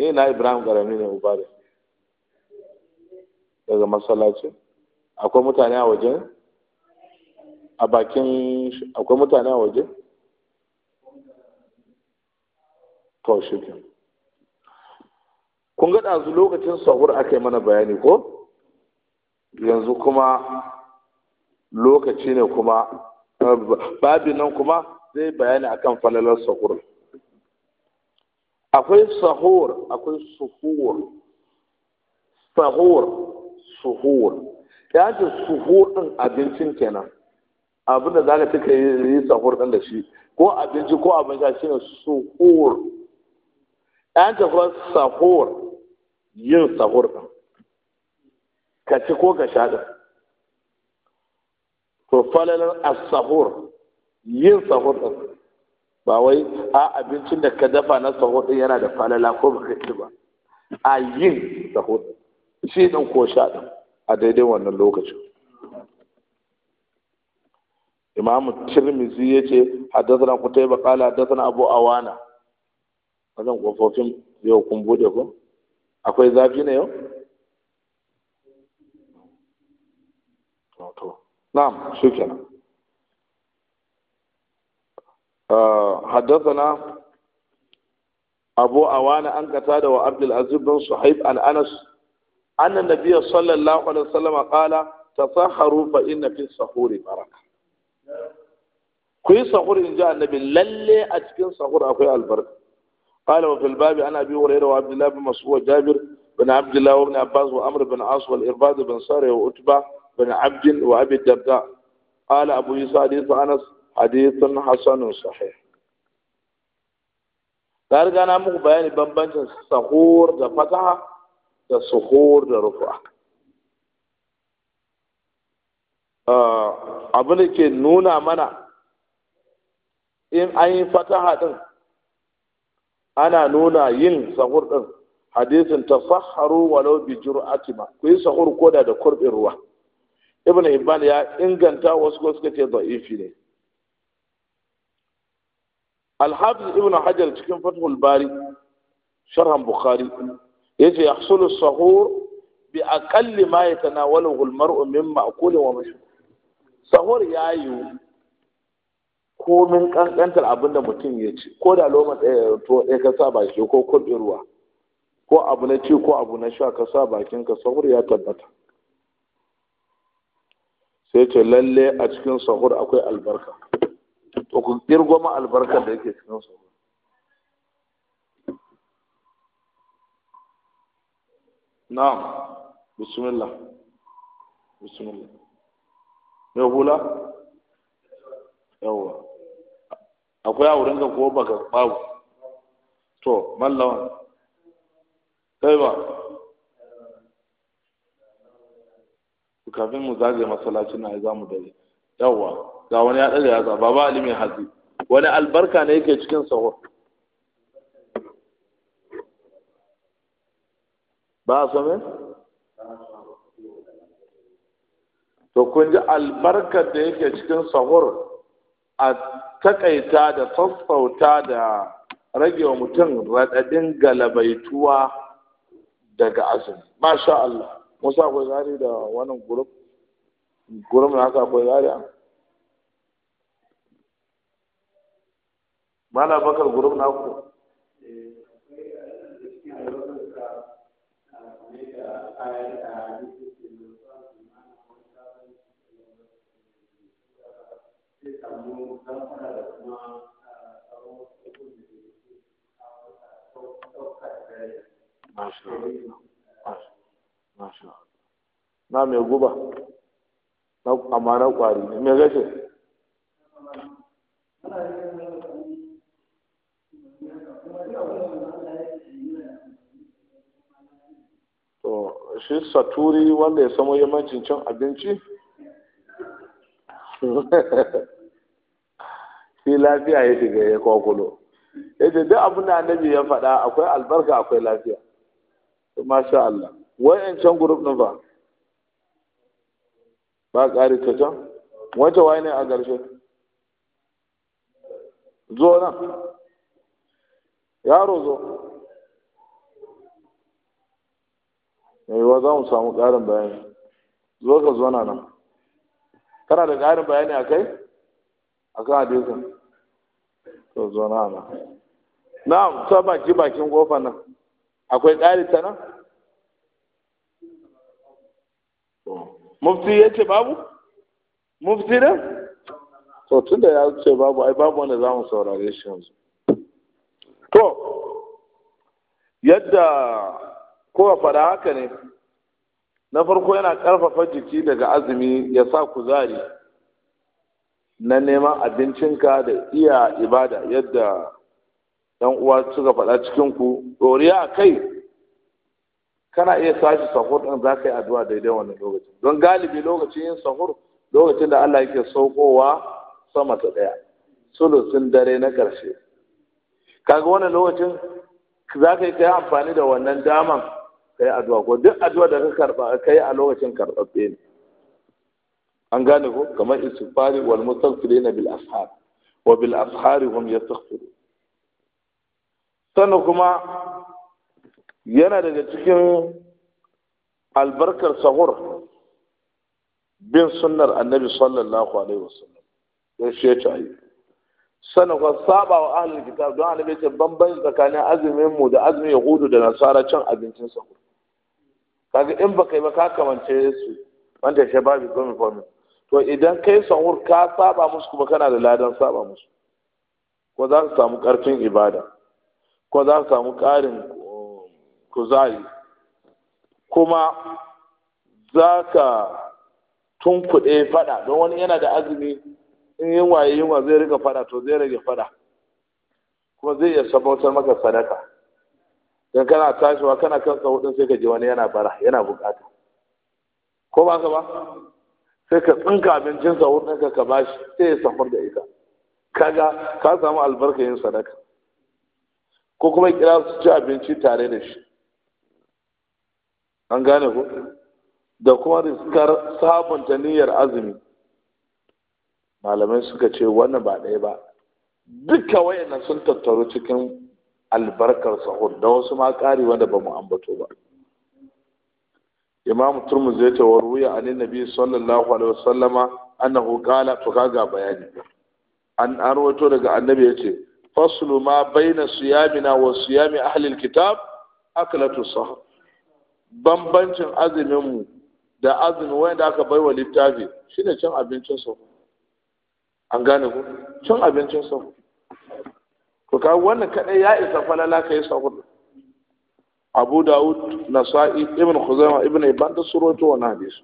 ni eh, na ibrahim garami ne uba da daga masallaci akwai mutane a waje a bakin akwai mutane a waje to shi ke kun ga ɗazu lokacin sahur aka yi mana bayani ko yanzu kuma lokaci ne kuma babin nan kuma zai bayani akan falalar sahur akwai sahur akwai suhur sahur suhur ya ce suhur din abincin kenan abin da zaka cika yi sahur ɗin da shi ko abinci ko abin sha ne suhur ya ce kuma sahur yin sahur ɗin ka ci ko ka sha ɗin to falalar as-sahur yin sahur ɗin. ba wai a abincin da ka dafa na sahur din yana da falala ko baka ci ba a yin sahur shi din ko sha din a daidai wannan lokacin imam tirmizi ya ce haddasa kutaiba kala haddasa abu awana wajen kofofin yau kun bude ko akwai zafi ne yau to na'am shikenan حدثنا أبو أوان أن قتادة وعبد العزيز بن صحيب عن أنس أن النبي صلى الله عليه وسلم قال تصحروا فإن في السحور بركة كوي سحور إن جاء النبي للي أتكين سحور أخوي البركة قال وفي الباب عن أبي هريرة وعبد الله بن مسعود وجابر بن عبد الله وابن عباس وأمر بن عاص والإرباد بن سارية وأتبع بن عبد وأبي الدرداء قال أبو يسعد أنس hadithun hasanun sahih ta riga na muku bayani bambancin sahur da fataha da suhur da rufa abu ah, da ke nuna mana in an yi fataha din ana nuna yin sahur din hadisin ta saharu walau bi jur'ati koda da kurbin ruwa ibn hibban ya inganta wasu ko suka ce da'ifi ne الحافظ ابن hajar cikin فتح الباري sharhan bukhari يجي يحصل sahur بأقل ما يتناوله المرء من min ma'kulin wa يا sahur ko komin kankantar abin da mutum ya ci ko da loma to ɗaya ka sa baki ko kurɗin ruwa ko abu na ci ko abu na sha ka sa bakin ka sahur ya tabbata sai ce lalle a cikin sahur akwai albarka to ku albarkar da yake cikin su na'am bismillah bismillah ne hula yawa akwai a wurinka ko baka babu to mallawa kai ba kafin mu zage masalacin na za mu dare yawa ga wani ya ɗaga yatsa ba ba alimin hatsi wani albarka ne yake cikin sahur ba a so me to kun ji albarkar da yake cikin sahur a takaita da sassauta da rage wa mutum raɗaɗin galabaituwa daga azumi masha Allah musa ku zari da wannan gurup gurin haka akwai zaria mala bakar gurin naku Masha Na mai guba. amma na kwari ne me gashi to shi saturi wanda ya samu yamancin cin abinci shi lafiya ya shiga ya kwakulo ya ce duk abin da annabi ya faɗa akwai albarka akwai lafiya masha Allah wa'ancan gurub ɗin ba ba ƙari ta can wata waye ne a ƙarshe zo nan yaro zo wa za mu samu ƙarin bayani zo ka zo nan kana da ƙarin bayani a kai a kan hadisin to zo nan na ta baki bakin kofa nan akwai ƙari ta nan mufti ya ce babu mufti ne to da ya ce babu ai babu wanda za mu saurare shi yanzu to yadda kowa fada haka ne na farko yana ƙarfafa jiki daga azumi ya sa kuzari na neman abincinka da iya ibada yadda yan uwa suka faɗa cikin ku a kai kana iya tashi sahur din za ka yi addu'a daidai wannan lokacin don galibi lokacin yin sahur lokacin da Allah yake saukowa sama ta daya sulusin dare na karshe kaga wannan lokacin za ka yi kai amfani da wannan daman ka yi addu'a ko duk addu'a da ka karba ka yi a lokacin karɓaɓɓe ne an gane ko kamar istighfari wal mustaghfirina bil ashar wa bil ashari hum yastaghfirun sannan kuma yana daga cikin albarkar sahur bin sunnar annabi sallallahu alaihi wasallam ya shi ya yi sana kwa saba wa ahlul kitab don annabi ce bambanci tsakanin azumin mu da azumin yahudu da nasara cin abincin sahur kaga in baka yi ba ka kamance su wanda shi babu gomi gomi to idan kai sahur ka saba musu kuma kana da ladan saba musu ko za su samu karfin ibada ko za su samu karin kuzari kuma za ka tunkuɗe fada don wani yana da azumi in yin waye yunwa zai rika fada to zai rage fada kuma zai iya sabautar maka sadaka don kana tashiwa kana kan tsawudin sai ka ji wani yana bara yana bukata ko ba ka ba sai ka tsinka abincin tsawudin ka ka bashi sai ya samar da ita kaga ka samu albarka yin sadaka ko kuma kira su ci abinci tare da shi an gane ku da kuma riskar sabunta niyyar azumi malamai suka ce wannan ba ɗaya ba duka wayanna sun tattaru cikin albarkar sahur da wasu ma ƙari wanda ba mu ambato ba imam turmuzi zai ta wa a anin nabi sallallahu alaihi wasallama annahu hukala to kaga bayani an arwato daga annabi ya ce faslu ma baina siyamina wa siyami ahli kitab aklatu sahur bambancin azuminmu da azumin wanda aka bai wa littafi shine cin abincin su an gane ku cin abincin su Ku ka wannan kadai ya isa falala kai sahur Abu Dawud Nasa'i Ibn Khuzaimah Ibn Ibn da suratu wa hadisi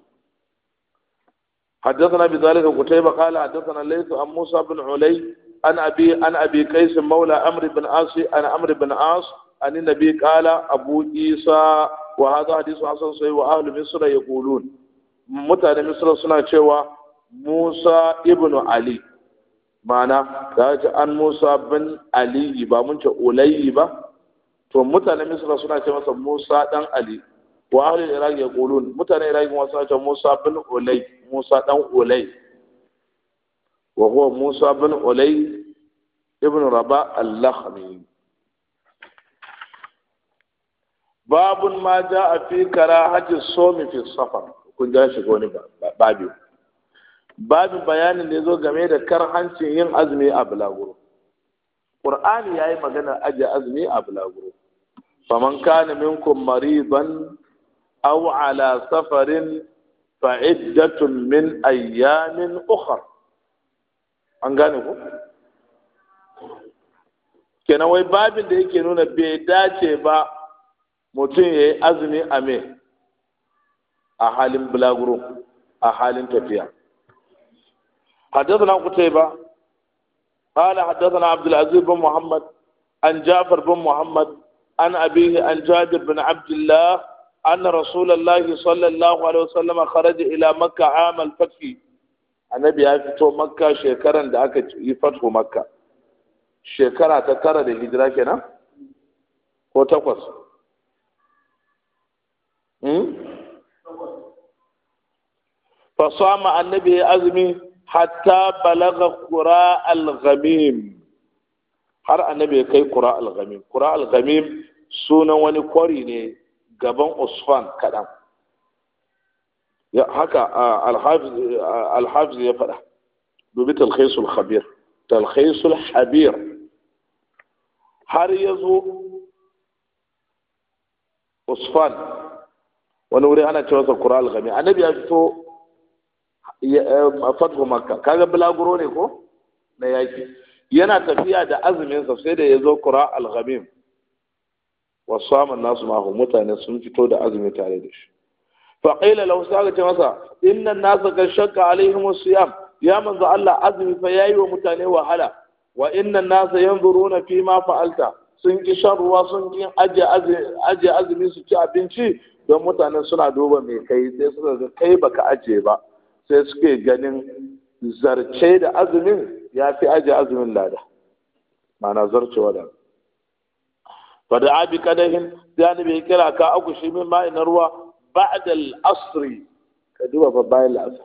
حدثنا بذلك قتيبة قال حدثنا ليث عن موسى بن علي عن أبي عن أبي قيس مولى أمر بن عاص عن أمر بن عاص عن النبي قال أبو عيسى wa hadha hadithu hasan sai wa ahli misra yaqulun mutane misra suna cewa Musa ibn Ali ma'ana da ji an Musa bin Ali ba mun ce Ulayi ba to mutane misra suna ce masa Musa dan Ali wa ahli iraq yaqulun mutane iraq kuma suna ce Musa bin Ulay Musa dan Ulay wa huwa Musa bin Ulay ibn Rabah al-Lakhmi babun ma ja a fi kara hajji somi fi safar kun ja shi wani babi babin bayanin da ya zo game da hancin yin azumi a bulaguro ƙur'ani ya yi magana aje azumi a bulaguro faman kana minkum mariban aw ala safarin fa iddatun min ayyamin ukhra an gane ku kenan wai babin da yake nuna bai dace ba mutum ya yi azumi a me a halin bulaguro a halin tafiya حدثنا قتيبة قال حدثنا عبد العزيز بن محمد عن جعفر بن محمد عن أبيه عن جابر بن عبد الله أن رسول الله صلى الله عليه وسلم خرج إلى مكة عام الفتح النبي ya fito makka shekaran da aka yi fatho makka shekara ta tara da hijira kenan ko takwas Hmm? fasama annabi ya azumi hatta balaga kura al har annabi ya kai kura al-ghamim kura al-ghamim sunan wani kwari ne gaban usfan kaɗan haka alhafiz ya faɗa dubi talhaisul khabir talhaisul habir har ya zo usfan wani wuri ana cewa sakura alhami annabi ya fito eh, fatwa makka kaga bulaguro ne ko na yaki yana tafiya da azumin sa sai da ya zo kura alhami wasu samun nasu mahu mutane sun fito da azumi tare da shi faƙila lahu sai aka ce masa inna nasa ka shakka alaihim siyam ya manzo Allah azumi fa yayi wa mutane wahala wa nan nasa yanzuruna fi ma fa'alta sun ki shan ruwa sun ki aje azumi su ci abinci don mutanen suna duba mai kai sai suka ga kai baka aje ba sai suke ganin zarce da azumin ya fi aje azumin lada wada zarcewa da abi kadahin ya ne bai kira ka akushi min ma'in ruwa ba'da al-asr ka duba fa bayan al-asr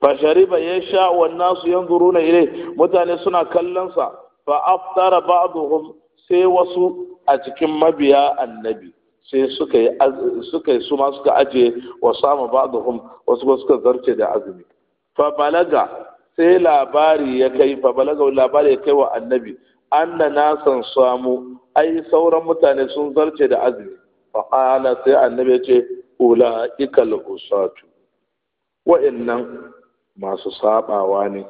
fa shariba ya sha wa nasu yanzuruna ilai mutane suna kallon sa fa aftara ba'dhum sai wasu a cikin mabiya annabi sai suka yi suka yi su ma suka aje wa samu ba'dhum wasu ba suka zarce da azumi fa balaga sai labari ya kai fa balaga labari ya kai wa annabi anna nasan samu ai sauran mutane sun zarce da azumi fa qala sai annabi ya ce ulaika usatu innan masu sabawa ne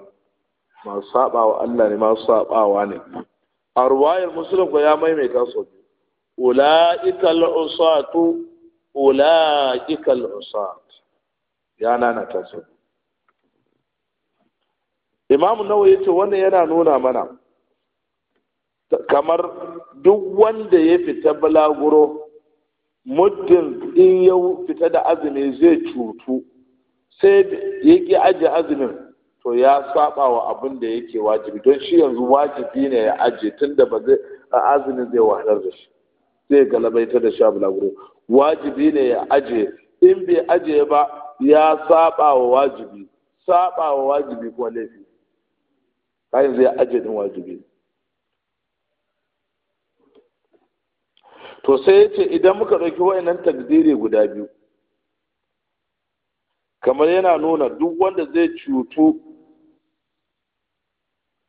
masu sabawa Allah ne masu sabawa ne arwayar ruwayar musulun ya maimaita sau أولئك العصاة أولئك العصاة يا نانا تاسو Imam Nawawi ce wannan yana nuna mana kamar duk wanda ya fita balaguro muddin in ya fita da azumi zai cutu sai ya ki aje azumin to ya saba wa abin da yake wajibi don shi yanzu wajibi ne ya aje tun da ba zai azumin zai wahalar da shi zai galabaita da sha bulaguro wajibi ne ya aje in bai aje ba ya saba wa wajibi saba wa wajibi ko laifi kayan zai aje din wajibi to sai ya ce idan muka ɗauki wa'annan takdiri guda biyu kamar yana nuna duk wanda zai cutu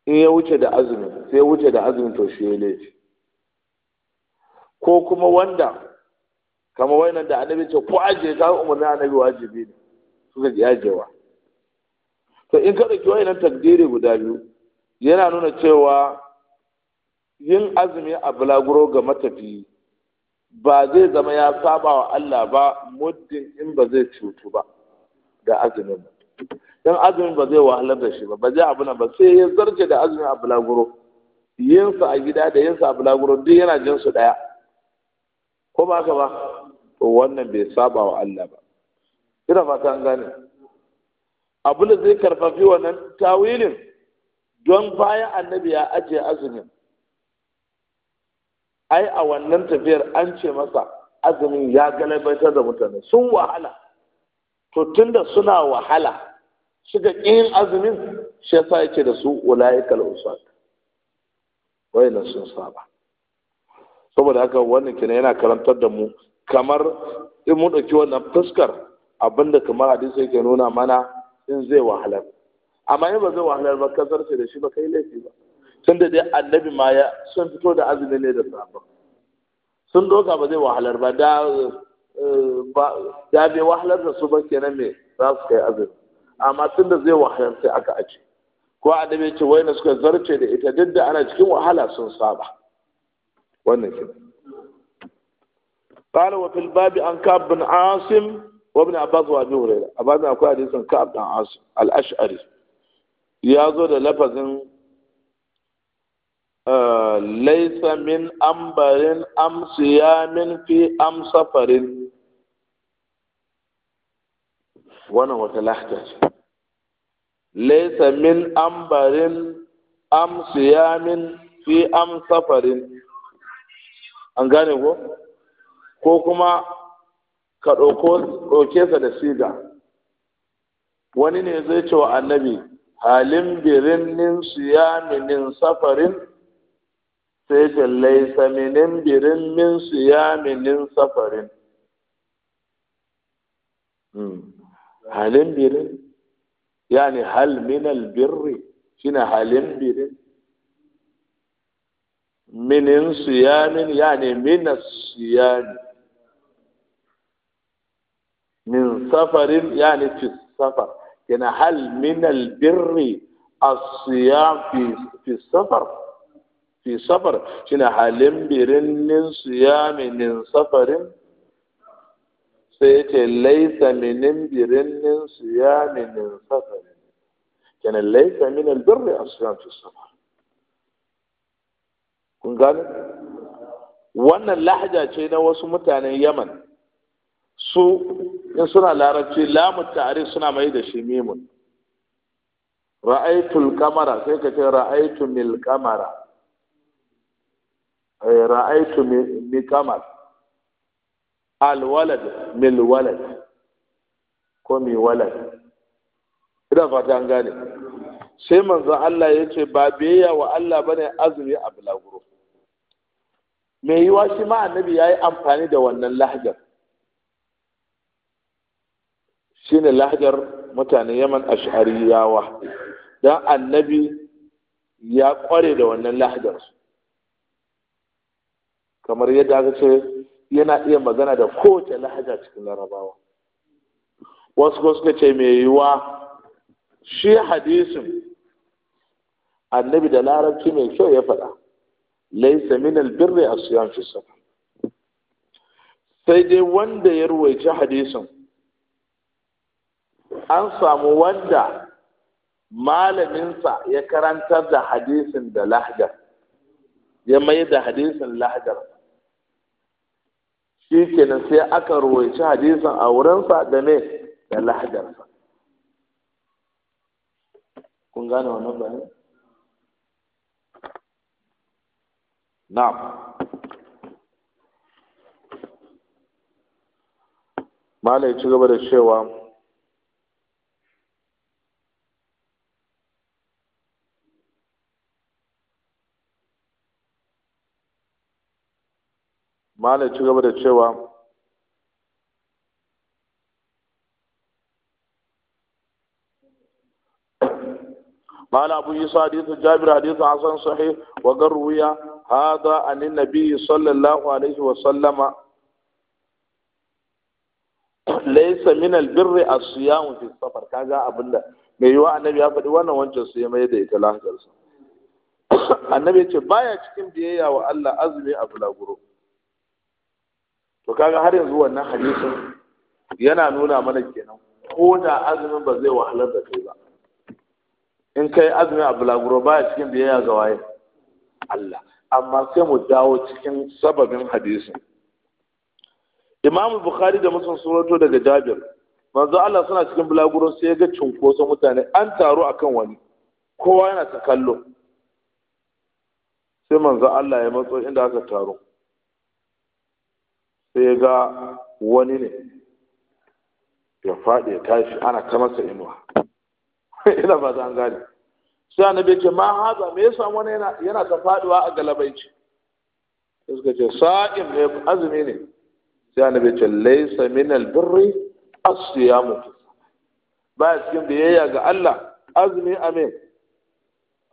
in ya wuce da azumi sai ya wuce da azumi to shi ya laifi ko kuma wanda kama wainan da annabi ce ko ajiye ka umarni annabi wajibi ne suka ji ajewa to in ka ɗauki wainan takdiri guda biyu yana nuna cewa yin azumi a bulaguro ga matafi ba zai zama ya saba wa Allah ba muddin in ba zai cutu ba da azumin don azumin ba zai wahalar da shi ba ba zai abu nan ba sai ya zarce da azumin a bulaguro yinsa a gida da yinsa a bulaguro duk yana jinsu ɗaya ko ba haka ba to wannan bai saba wa Allah ba ina fata an gane abu da zai karfafi wannan tawilin don bayan annabi ya ajiye azumin ai a wannan tafiyar an ce masa azumin ya galabaitar da mutane sun wahala to tunda suna wahala shiga ƙin azumin shi yasa yake da su ulaikal usat wayannan sun saba saboda haka wannan kenan yana karantar da mu kamar in mu ɗauki wannan fuskar abinda kamar hadisi yake nuna mana in zai wahalar amma in ba zai wahalar ba kasar ce da shi ba kai laifi ba tun da dai annabi ma ya sun fito da azumi ne da safa sun doka ba zai wahalar ba da eh, ba da bai wahalar da su ba kenan me za su kai azumi amma tun da zai wahalar sai aka ace ko annabi ya ce wai na suka zarce da ita duk da ana cikin wahala sun saba wannan shi qala wa fil babi an ka ibn asim wa ibn abbas wa abi hurayra abbas akwai hadisin ka ibn asim al ash'ari ya zo da lafazin eh, laisa min ambarin amsiya min fi amsafarin wannan wata lahja ce laisa min ambarin amsiya min fi amsafarin safarin an gane ko ko kuma ka ɗauke sa da siga wani ne zai ce wa annabi halin birnin siyaminin safarin sai ce laisa minin birnin siyaminin safarin hmm. halin birin yani hal min albirri shine halin birin minin siyamin yani min siyami min safarin yani fi safar yana hal min albirri as-siyam fi fi safar fi safar shine halin birnin siyamin min safarin sai yace laisa minin birnin siyamin min safarin yana laisa min albirri a siyam fi safar kun wannan lahaja ce na wasu mutanen yaman su in suna larabci lamun ta'arif suna mai da shi mimun ra'aitul kamara sai ka ce ra'aitu mil kamara eh, ra'aitu mil kamar alwalad mil walad ko mi walad idan fata an gane sai manzo Allah ya ce ba biyayya wa Allah bane azumi a bulaguro mai yiwa shi ma annabi ya yi amfani da wannan lahajar shi ne lahajar mutanen yaman ash'ariyawa don annabi ya kware da wannan lahajar kamar yadda aka ce yana iya magana da kowace lahaja cikin larabawa wasu ko suka ce mai yiwa shi hadisin annabi da larabci mai kyau ya faɗa ليس من البر الصيام في السفر sai dai wanda ya ruwaici hadisin an samu wanda malaminsa ya karantar da hadisin da lahadar, ya mai da hadisin lahadar, shi kenan sai aka ruwaici hadisin a wurinsa da ne da lahdarsa kun gane wannan bayanin na'am malai ci gaba da cewa malai ci gaba da cewa قال أبو يسوع حديث جابر حديث حسن صحيح وقد هذا عن النبي صلى الله عليه وسلم ليس من البر الصيام في السفر كذا أبدا mai yiwa annabi ya faɗi wannan wancan su ya mai da ita lahajarsa annabi ya ce baya cikin biyayya wa Allah azumi a bulaguro to kaga har yanzu wannan hadisin yana nuna mana kenan ko da azumin ba zai wahalar da kai ba in kai azumi a bulaguro baya cikin biyayya ga waye Allah amma sai mu dawo cikin sababin hadisi imam bukhari da muslim daga jabir manzo Allah suna cikin bulaguro sai ya ga cunkoson mutane an taro akan wani kowa yana ta kallo sai manzo Allah ya matso inda aka taro sai ga wani ne ya faɗi ya tashi ana ta masa inuwa ina ba an gane sai annabi ce ma haza me yasa wani yana yana ta faduwa a galabaici suka ce sa'im ne azumi ne sai annabi ce laysa min albirri as-siyamu ba cikin biyayya ga Allah azumi amin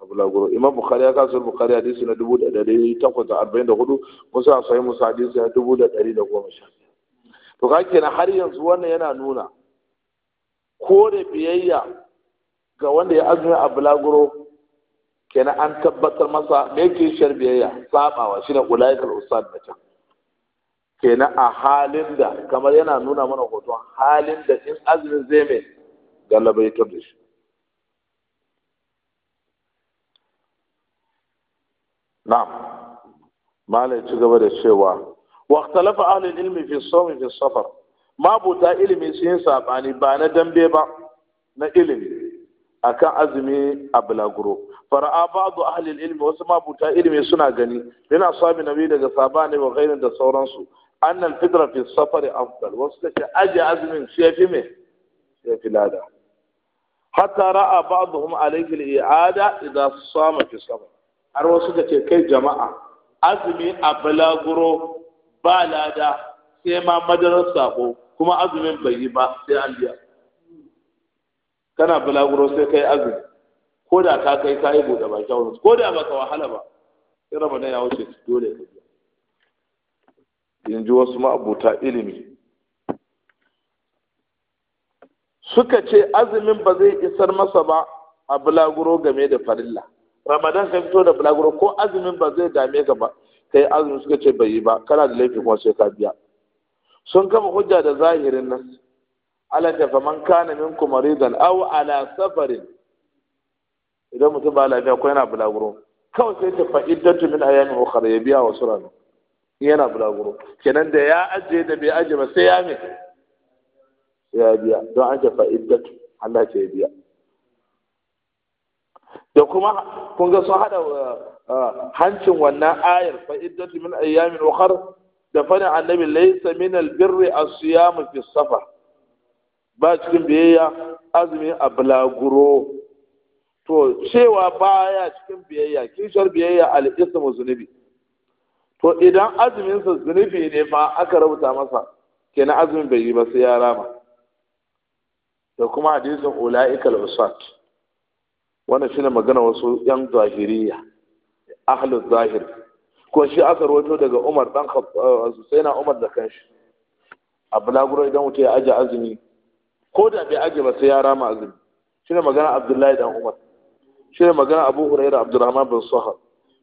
abu Laguro imam bukhari ya kasu bukhari hadisi na 1844 musa sai musa hadisi na 1110 to kake na har yanzu wannan yana nuna ko da biyayya ga wanda ya azumi a bulaguro kenan an tabbatar masa me yake shar biyayya sabawa shine ulaikal ustad da can kenan a halin da kamar yana nuna mana hoton halin da in azumi zai mai galabaitar da shi na'am malai ci gaba da cewa waqtalafa ahli ilmi fi sawmi fi safar mabuta ilimi sun sabani ba na dambe ba na ilimi akan azumi a bulaguro fara'a ba'adu ahli ilmi wasu mabuta ilmi suna gani yana sami nabi daga sabani wa ghairin da sauransu anna al-fitra fi safari afdal wasu kace aje azumin shi yafi me fi lada hatta ra'a ba'dhum alayhi al idan sama fi safar har wasu kace kai jama'a azumi a bulaguro ba lada sai ma madarar sako kuma azumin bai yi ba sai an biya kana bulaguro sai kai azumi ko da ka kai ka yi bude ba kyau ko da ba ka wahala ba sai ramadan ya wuce dole ka biya in ji wasu ma'abuta ilimi suka ce azumin ba zai isar masa ba a bulaguro game da farilla ramadan ka fito da bulaguro ko azumin ba zai dame ka ba kai azumin suka ce bai yi ba kana da laifi kuma sai ka biya sun kama hujja da zahirin nan ala ta faman kana minkum maridan aw ala safarin idan mutum ba lafiya ko yana bulaguro kawai sai ta fa'iddatu min ayamin ukhra ya biya wasu rana yana bulaguro kenan da ya ajiye da bai ajiye ba sai ya me ya biya don an ce fa'iddatu Allah ce ya biya da kuma kun ga sun hada hancin wannan ayar fa'iddatu min ayamin ukhra da fadin annabi laysa min albirri as-siyam fi safar ba cikin biyayya azumi a bulaguro to cewa baya cikin biyayya kishar biyayya al'ismu zunubi to idan azuminsa zunubi ne ma aka rubuta masa kenan azumin bai yi ba sai ya rama da kuma hadisin ula'ikal usat wannan shine magana wasu yan zahiriya ahlul zahir ko shi aka rawaito daga Umar dan Khattab Husaina Umar da kanshi a bulaguro idan wuta ya aje azumi ko da bai aje ba sai ya rama azumi ne magana abdullahi dan umar Shi ne magana abu hurairu abdurrahman bin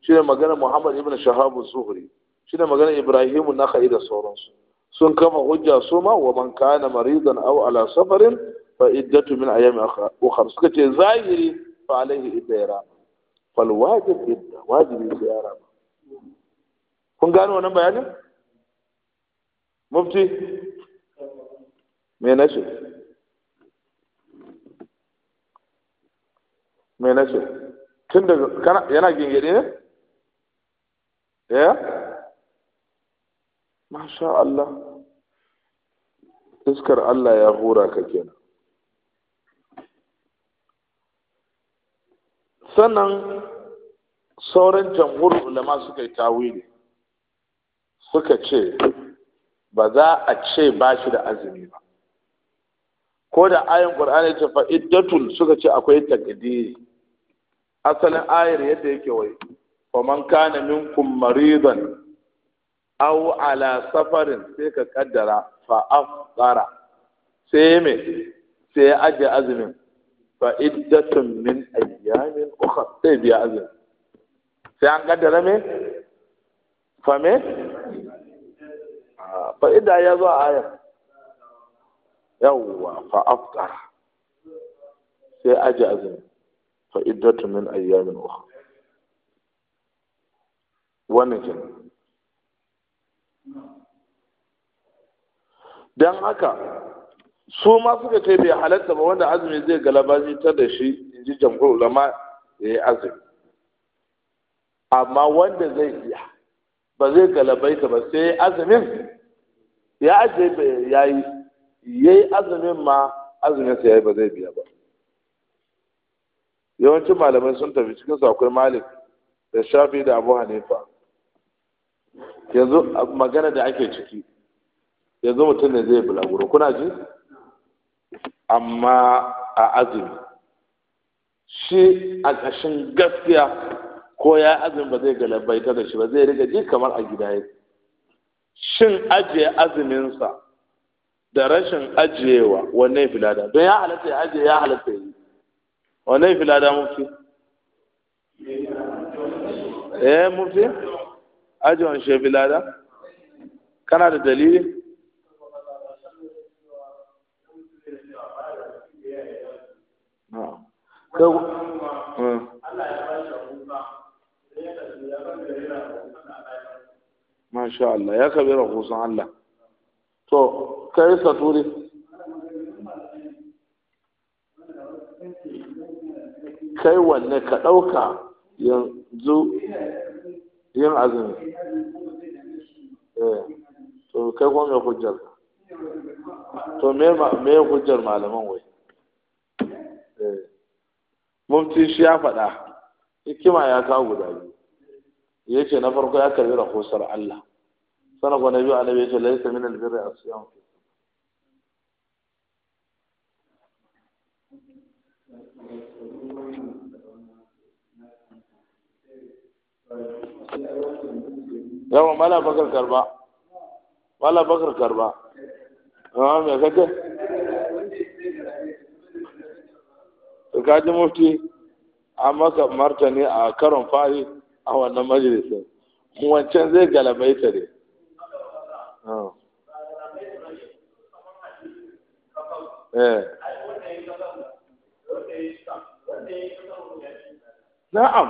Shi ne magana muhammad ibn zuhuri zuhri ne magana ibrahim nakhai da sauransu sun kama hujja su ma wa man kana maridan aw ala safarin fa iddatu min ayyam ukhra suka ce zahiri fa alaihi idda fal wajib idda wajibi sai ya rama kun gano wannan bayanin mufti me nace mai na ce tun da yana gingiri ne ya eh? masha Allah iskar Allah ya hura ka kenan sannan sauran jamhur ulama suka yi tawili suka ce ba za a ce ba shi da azumi ba ko da ayin ƙur'ani ta fa'iddatun suka ce akwai takadiri asalin ayar yadda yake wai man kana minkum maridan aw ala safarin sai ka kaddara fa afdara sai me sai aje azumin fa iddatun min ayyamin ukhra sai biya azumin sai an kaddara me fa me ah, fa idda ya zo a ayar yawwa fa afdara sai aje azumin fa min ayyamin uku wani kenan Don haka su ma suka kai bai halatta ba wanda azumi zai galabazitar da shi in ji jamhur ulama ya yi azumi amma wanda zai iya ba zai galabaita ba sai ya azumin ya ajiye ya yi ya yi azumin ma azumin sai ya yi ba zai biya ba yawancin malamai sun tafi cikin akwai malik da shafi da abu hanifa yanzu magana da ake ciki yanzu mutum ne zai bulaguro kuna ji amma a azumi shi a ƙashin gaskiya ko ya azumi ba zai galabaita da shi ba zai riga ji kamar a gida yake shin ajiye azuminsa da rashin ajiyewa wannan filada don ya halatta ya ajiye ya halatta yi ولا في لا مفتي ايه مفتي اجون شي في لا كان هذا دليل ما شاء الله يا كبير خصوصا الله تو كيف تريد kai wanne ka ɗauka yanzu yin azumi eh, to kai kuma mai hujjar to me hujjar malaman wai eh, mumti shi ya faɗa hikima ya kawo guda biyu ya ce na farko ya karbi rahosar Allah sana kwa na biyu ya ce laisa birri a siyan fi yawan Bala, bakar karba Bala, bakar karba yawon mai kake to kaji mufti a maka martani a karon fari a wannan majalisar wancan zai ta ne eh. na'am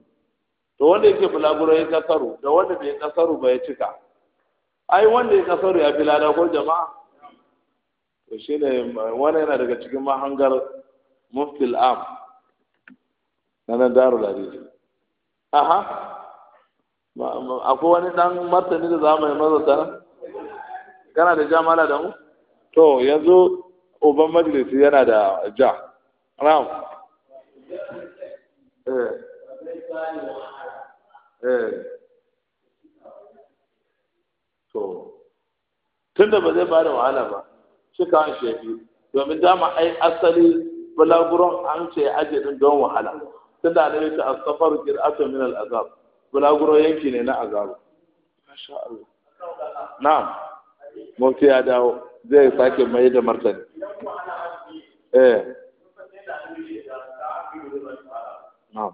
to wanda yake bulaguro ya kasaru da wanda bai kasaru ba ya cika ai wanda ya kasaru ya fi lada ko jama'a to shi ne wani yana daga cikin mahangar muftil am na nan da hadisi aha akwai wani dan martani da za mu yi masa ta kana da jamala da mu to yanzu uban majalisi yana da ja ram eh Eh. to tunda ba zai bada wahala ba shi ka shafi. domin dama ai asali bulaguron an ce aje din don wahala tunda annabi ta asafaru qir'atu min al'azab azab bulaguro yanki ne na azab na Allah ya dawo zai sake mai da martani eh na'am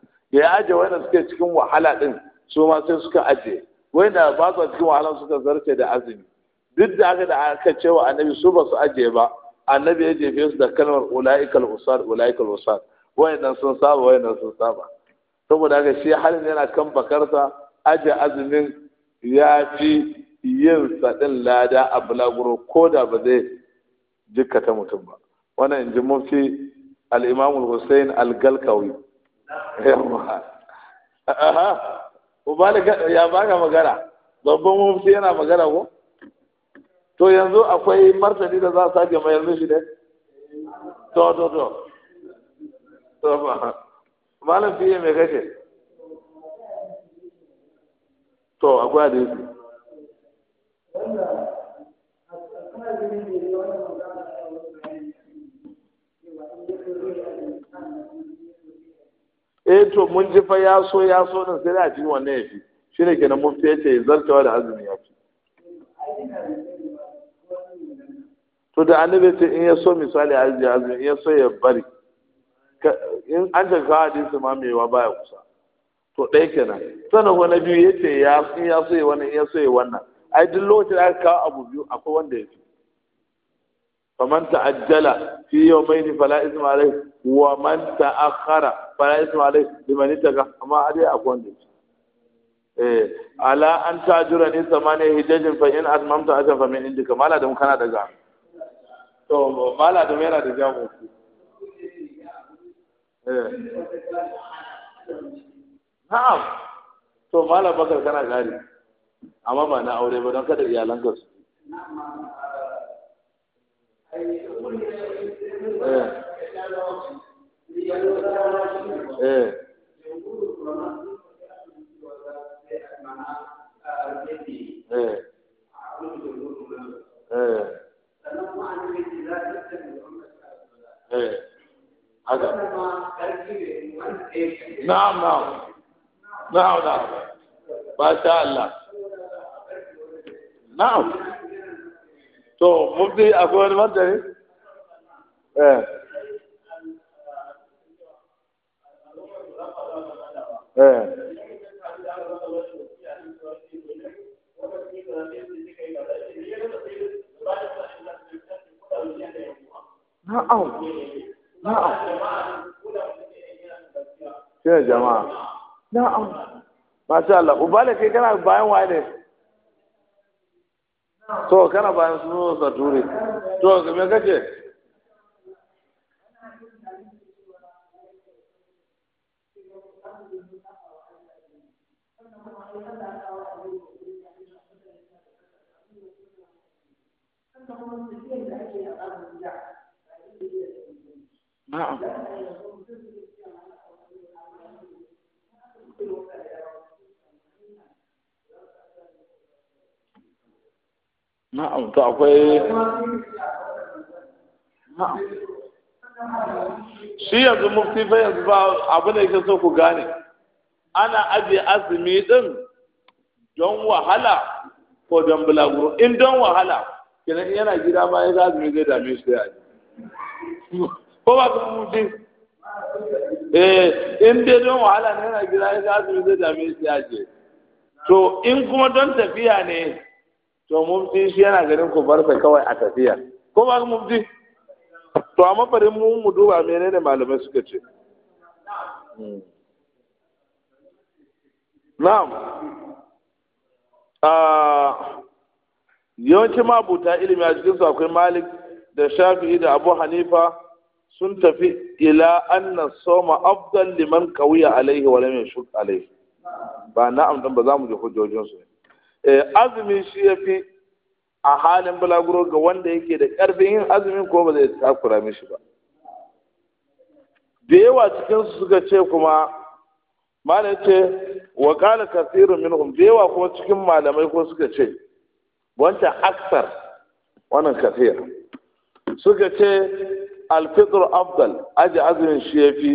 da ya aje wanda suke cikin wahala din su ma sai suka aje wanda ba su cikin wahala suka zarce da azumi duk da aka da aka wa annabi su ba su aje ba annabi ya jefe su da kalmar ulaikal usar ulaikal usar wanda sun saba wanda sun saba saboda haka shi halin yana kan bakarsa aje azumin ya fi yin sadin lada a bulaguro ko da ba zai jikkata mutum ba wannan in ji mafi al-imamul hussein al-galkawi yamma aha ubalika ya baka magana babban mufti yana magana ko to yanzu akwai martani da za a sake mai yanzu shi ne to to to to ba malam fiye mai kashe to akwai hadisi eh to mun ji fa ya so ya so din sai da ji wannan ya fi shi ne kenan fice ya ce zartawa da azumi ya fi to da annabi ce in ya so misali azumi azumi in ya so ya bari in an ta ga hadisi ma mai wa baya kusa to dai kenan sanan wani biyu ya ce ya in ya so ya wannan in ya so ya wannan ai duk lokacin da aka kawo abu biyu akwai wanda ya fi faman ta'ajjala fi yawmaini fala isma wa man ta'akhkhara fala isma alai liman ittaka amma hadai akwai wanda eh ala an tajura ni zamanin hijajin fa in atmamta aja fa min indika mala da kana daga to mala da yana da jamu eh na'am to mala bakar kana gari amma ba na aure ba don kada iyalanka su eh eh eh eh na'am na'am na'am na'am ba sha Allah na'am to mufti akwai eh na'am na'am shi jama'a na'am masha Allah uba da bayan waye ne to kana bayan sunan sature to me Na'am. Na'am, to akwai Na'am. Shi yanzu mufti fa yanzu ba abu ne yake so ku gane. ana aje azumi din don wahala ko don bulaguro in don wahala kenan yana gida ma ya azumi zai dame shi ya ko ba kuma mutum eh in dai don wahala ne yana gida ya azumi zai dame shi ya je to in kuma don tafiya ne to mumti shi yana ganin ku bar sa kawai a tafiya ko ba mumti to amma bari mu mu duba menene malamai suka ce hmm. na'am ah, yawancin mabuta ilimi a cikinsu akwai malik da shafi'i da abu hanifa sun tafi ila anna soma afdal liman kawiya alaihi wa lam yashuk alaihi ba na'am dan ba za mu ji hujjojin su eh, azumi shi yafi a halin bulaguro ga wanda yake da karfin yin azumin ko ba zai takura mishi ba da yawa cikin su suka ce kuma malam ce wa kala kathirun minhum da yawa kuma cikin malamai ko suka ce wancan aksar wannan kasir suka ce alfitr afdal aji azumin shi yafi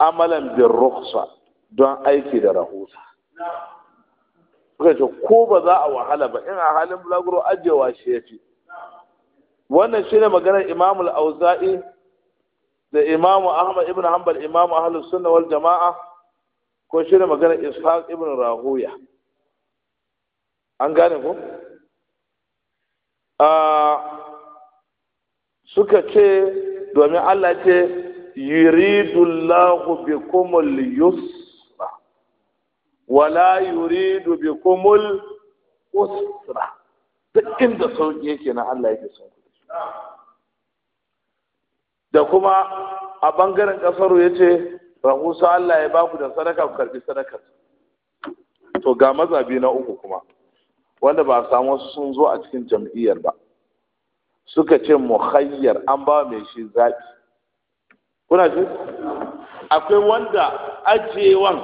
amalan bin rukhsa don aiki da rahusa suka ce ko ba za a wahala ba in a halin bulaguro ajewa shi yafi wannan shine maganar imamul auza'i da imamu ahmad ibn hanbal imamu ahlus sunna wal jama'a ko shi ne magana ishaq ibn rahuya an gane ko ah, suka ce domin Allah ce yuridullahu bikumul yusra wala yuridu bikumul usra duk inda sauki yake na Allah yake son da kuma a bangaren ya yace rahusa Allah ya baku da sadaka ku karbi sadakar to ga mazabi na uku kuma wanda ba samu sun zo a cikin jam'iyyar ba suka ce mu hayyar an ba mai shi zaɓi kuna ji akwai wanda ajewan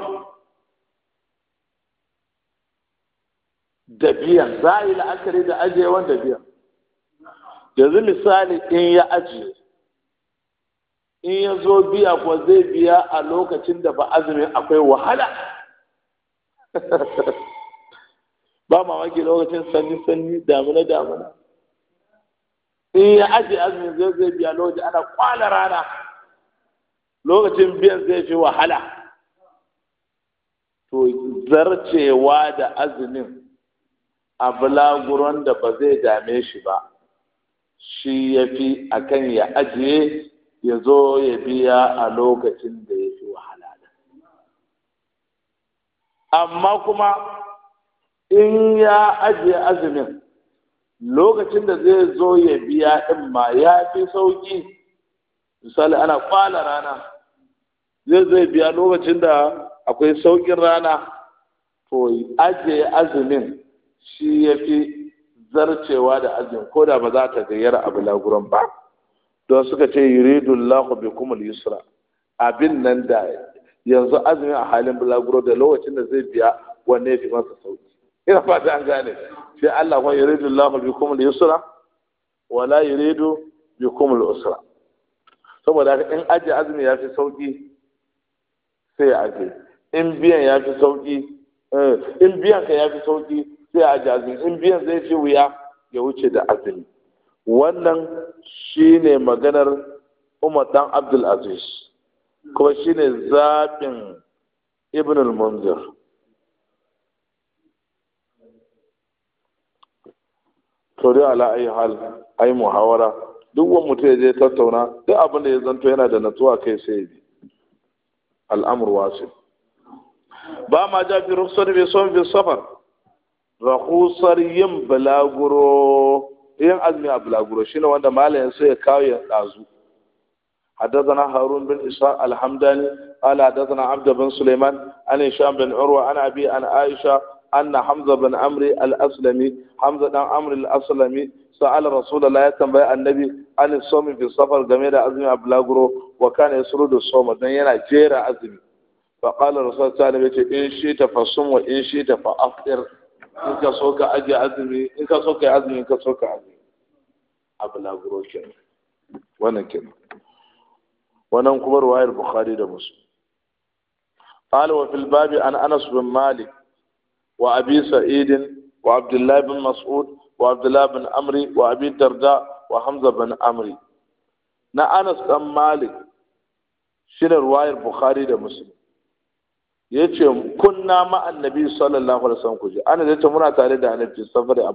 dabiyan za a yi la'akari da ajewan dabiyan. yanzu misali in ya ajiye in ya zo biya ko zai biya a lokacin da ba azumin akwai wahala ba mamaki lokacin sanyi sanyi damuna damuna in ya aji azumin zai zai biya lokacin ana kwana rana lokacin biyan zai fi wahala to zarcewa da azumin a bulaguron da ba zai dame shi ba shi ya fi akan ya ajiye ya zo ya biya a lokacin da ya fi wahala amma kuma in ya ajiye azumin lokacin da zai zo ya biya ɗin ma ya fi sauƙi misali ana kwala rana zai zai biya lokacin da akwai sauƙin rana to ajiye azumin shi ya fi zarcewa da azumin ko da ba za ta gayyar abu laguran ba don suka ce yuridu Allahu bikum al-yusra abin nan da yanzu azumi a halin bulaguro da lokacin da zai biya wanne fi masa sauki ina fata an gane sai Allah kuma yuridu Allahu bikum al-yusra wala yuridu bikum al-usra saboda in aje azumi ya fi sauki sai ya aje in biyan ya fi sauki eh, in biyan ka ya fi sauki sai a in biyan zai fi wuya ya wuce da azumi wannan shine maganar Umar dan Abdul Aziz kuma shine zaɓin Ibn al-Munzir tori ala ayi hal ayi muhawara duk wani mutum ya je tattauna duk abin da ya zanto yana da natuwa kai sai bi al'amur wasu ba ma ja fi rufsar bi son bai safar Rahusar yin balaguro yin azumi a bulaguro shine wanda malayin sai ya kawo ya dazu حدثنا هارون بن إسحاق الحمداني قال حدثنا عبد بن سليمان عن هشام بن عروة عن أبي عن عائشة أن حمزة بن عمرو الأسلمي حمزة بن عمرو الأسلمي سأل رسول الله تنبأ النبي عن الصوم في السفر جميل أزمي أبلاغرو وكان يسرد الصوم دنينا جير أزمي فقال الرسول صلى الله عليه وسلم إن شئت فصم وإن شئت فأفطر in ka so ka ajiye azumi in ka so ka azumi in ka so ka azumi abu na buro kenan wannan kenan wannan kuma ruwayar bukhari da musu qala wa fil babi an anas bin malik wa abi sa'id wa abdullah bin mas'ud wa abdullah bin amri wa abi darda wa hamza bin amri na anas bin malik ne ruwayar bukhari da muslim ya ce kunna ma annabi sallallahu alaihi wasallam kuje ana da muna tare da annabi safari da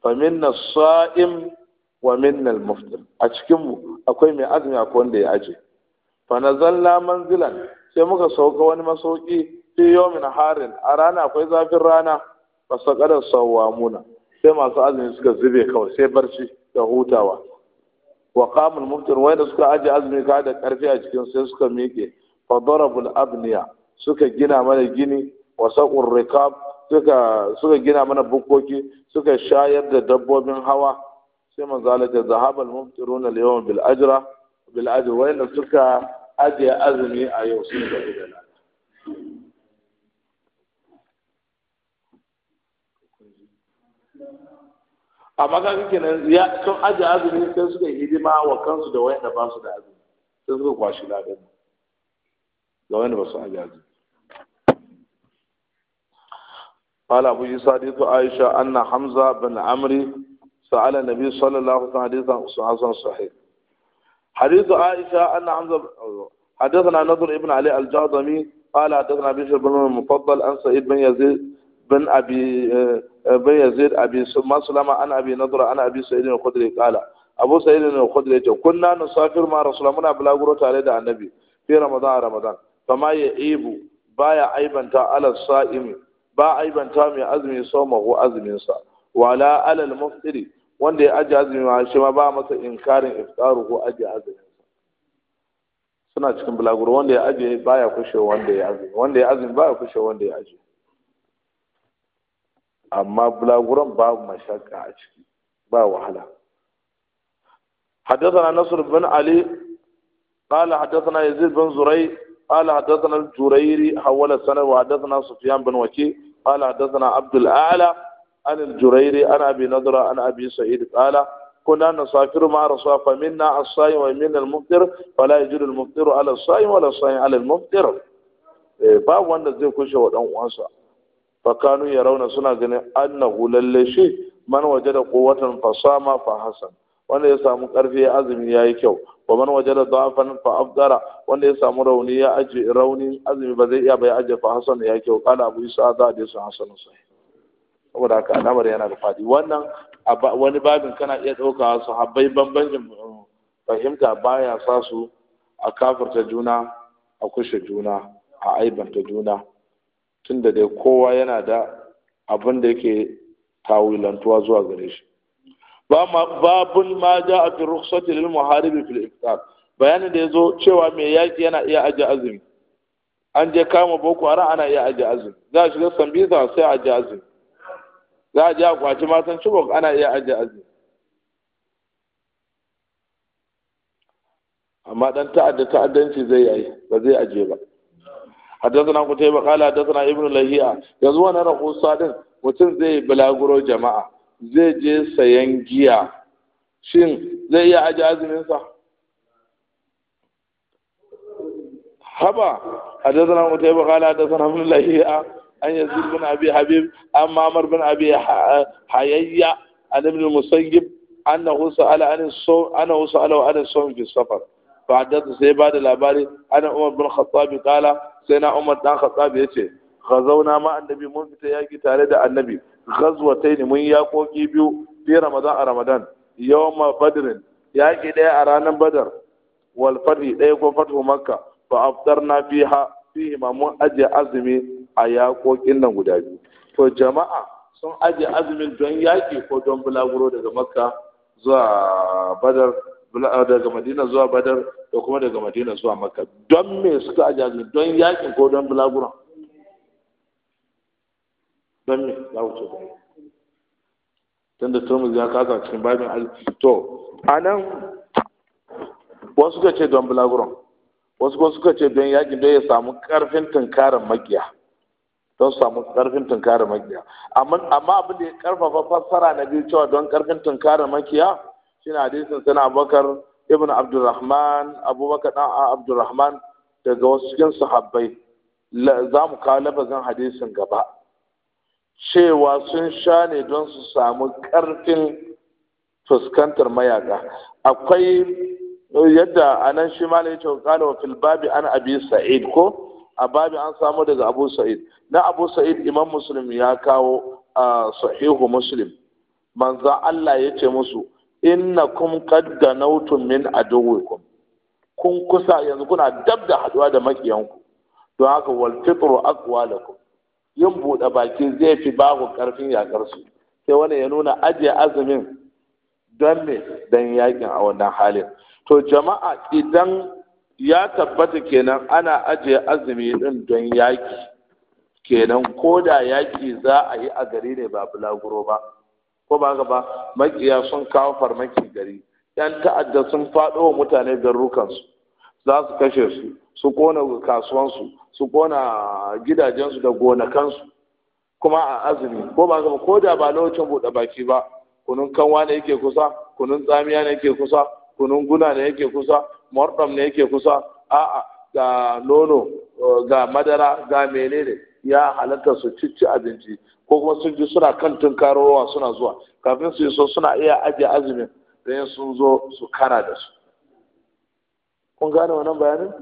fa minna sa'im wa minna al-muftir a cikin mu akwai mai azumi akwai wanda ya aje fa nazalla manzilan sai muka sauka wani masauki fi yawmin harin a rana akwai zafin rana fa saqada sawamuna sai masu azumi suka zube kawai sai barci da hutawa wa qamul muftir wanda suka aje azumi ka da karfi a cikin sai suka miƙe fa darabul abniya suka gina mana gini wasaƙun rikab suka gina mana bukoki suka shayar da dabbobin hawa sai manzo Allah ta zahabal mumtirun al yawm bil ajra bil ajra wa suka ajiye azumi a yau sun da gudana amma ka kake nan ya sun ajiye azumi sai suka hidima wa kansu da wayanda ba su da azumi sai suka kwashi ladan ga wani ba su قال أبو يسعد عائشة أن حمزة بن عمري سأل النبي صلى الله عليه وسلم حديثا صحيح حديث عائشة أن حمزة حدثنا نضر بن علي الجهضمي قال حدثنا بشر بن المفضل ان سعيد بن يزيد بن أبي آه، بن يزيد أبي سلم عن أبي نضر عن أبي سعيد الخدري قال أبو سعيد الخدري كنا نسافر مع رسول الله بلا أبلاغ عليه النبي في رمضان رمضان kama ya ibu ya aibanta alal sa'imi ba aibanta mai azumi saumahu azumin sa wala alal muftiri wanda ya aji azumi ma shi ma ba masa inkarin iftaru ko aji azumi suna cikin bulaguro wanda ya aji baya kushe wanda ya azumi wanda ya azumi baya kushe wanda ya aji amma bulaguron babu mashakka a ciki ba wahala حدثنا نصر بن علي قال حدثنا يزيد بن زري قال حدثنا الجريري حول السنة وحدثنا سفيان بن وكي قال حدثنا عبد الأعلى عن الجريري عن أبي نضرة عن أبي سعيد قال كنا نسافر مع رسول فمنا الصائم ومنا المفطر فلا يجوز المفطر على الصائم ولا الصائم على المفطر باب wanda zai kushe wa dan uwansa fa kanu yarawna suna ganin annahu lalle shi man wajada quwwatan fasama fa hasan wanda ya samu ƙarfi ya azumi yi kyau wa man wajada da'fan fa afdara wanda ya samu rauni ya aje rauni azumi ba zai iya ba ya aje fa hasan ya kyau kana abu isa da da su hasan sai saboda haka al'amari yana da fadi wannan wani babin kana iya dauka habbai bambancin uh, fahimta baya sa su a kafirta juna a kushe juna a aibanta juna tunda dai kowa yana da abin da yake tawilantuwa zuwa gare shi babun ma ja a fi rukhsati lil muharibi fil iftar bayanin da yazo cewa mai yaki yana iya aje azumi an je kama boko haram ana iya aje azumi za a shiga sambisa sai aje azumi za a je a kwaci matan cibok ana iya aje azumi amma dan ta'adda ta'addanci zai yi ba zai aje ba حدثنا قتيبة قال حدثنا ابن لهيعة يزوان رقوص صادق وتنزي بلاغرو jama'a? zai je sayan giya shin zai iya aji azuminsa haba a dazana mutai ba kala da sana mun lahiya an yi zirgin abi habib an mamar bin abi hayayya a nabin musangib an na husu ala an so ana wasu ala ala so fi safar fa hadatu sai ba da labari ana umar bin khattab kala sai na umar dan khattab yace ghazawna ma annabi mun fita yaki tare da annabi ghazwatayn mun yaƙoƙi biyu fi ramadan a ramadan yawma badrin yaƙi ɗaya a ranar badar wal fadi ɗaya ko fatu makka fa aftarna fiha fihi ma mun aje azumi a yaƙoƙin nan guda biyu to jama'a sun aje azumin don yaƙi ko don bulaguro daga makka zuwa badar ah, daga madina zuwa badar da kuma daga madina zuwa makka don me suka aje azumin don yaƙin ko don bulaguro don me za wuce da yi tun da turmus ya kasa cikin babin to a nan wasu ka ce don bulaguron wasu kuma suka ce don yakin don ya samu karfin tunkarar magiya don samu karfin tunkarar magiya amma abin da ya karfafa fassara na biyu cewa don karfin tunkarar shi shine hadisin sana abubakar ibn abdurrahman abubakar dan abdurrahman daga wasu cikin sahabbai za mu kawo lafazin hadisin gaba cewa sun sha ne don su samu ƙarfin fuskantar mayaka akwai yadda a nan shi ma ya ce wa filbabi an abi sa'id ko a babi an samu daga abu sa'id na abu sa'id imam musulmi ya kawo a sahihu muslim manza Allah ya ce musu kum kadda nautun min aduwikum kun kusa yanzu kuna dab da haduwa da makiyanku don haka wal fitru aqwa lakum yin buɗe baki zai fi babu ƙarfin yaƙar su sai wani ya nuna ajiye azumin don me don yaƙin a wannan halin to jama'a idan ya tabbata kenan ana ajiye azumi din don yaƙi kenan ko da yaƙi za a yi a gari ne ba bulaguro ba ko ba gaba makiya sun kawo farmaki gari yan ta'adda sun faɗo wa mutane garrukansu za su kashe su su kona kasuwansu su kona gidajensu da gonakansu kuma a azumi ko ba ga ko da ba lokacin buɗe baki ba kunun kanwa ne yake kusa kunun tsamiya ne yake kusa kunun guna ne yake kusa mordom ne yake kusa a'a ga nono ga madara ga menene ya halatta su cici abinci ko kuma sun ji suna kan tunkarowa suna zuwa kafin su yi so suna iya ajiye azumin don sun zo su kara da su kun gane wannan bayanin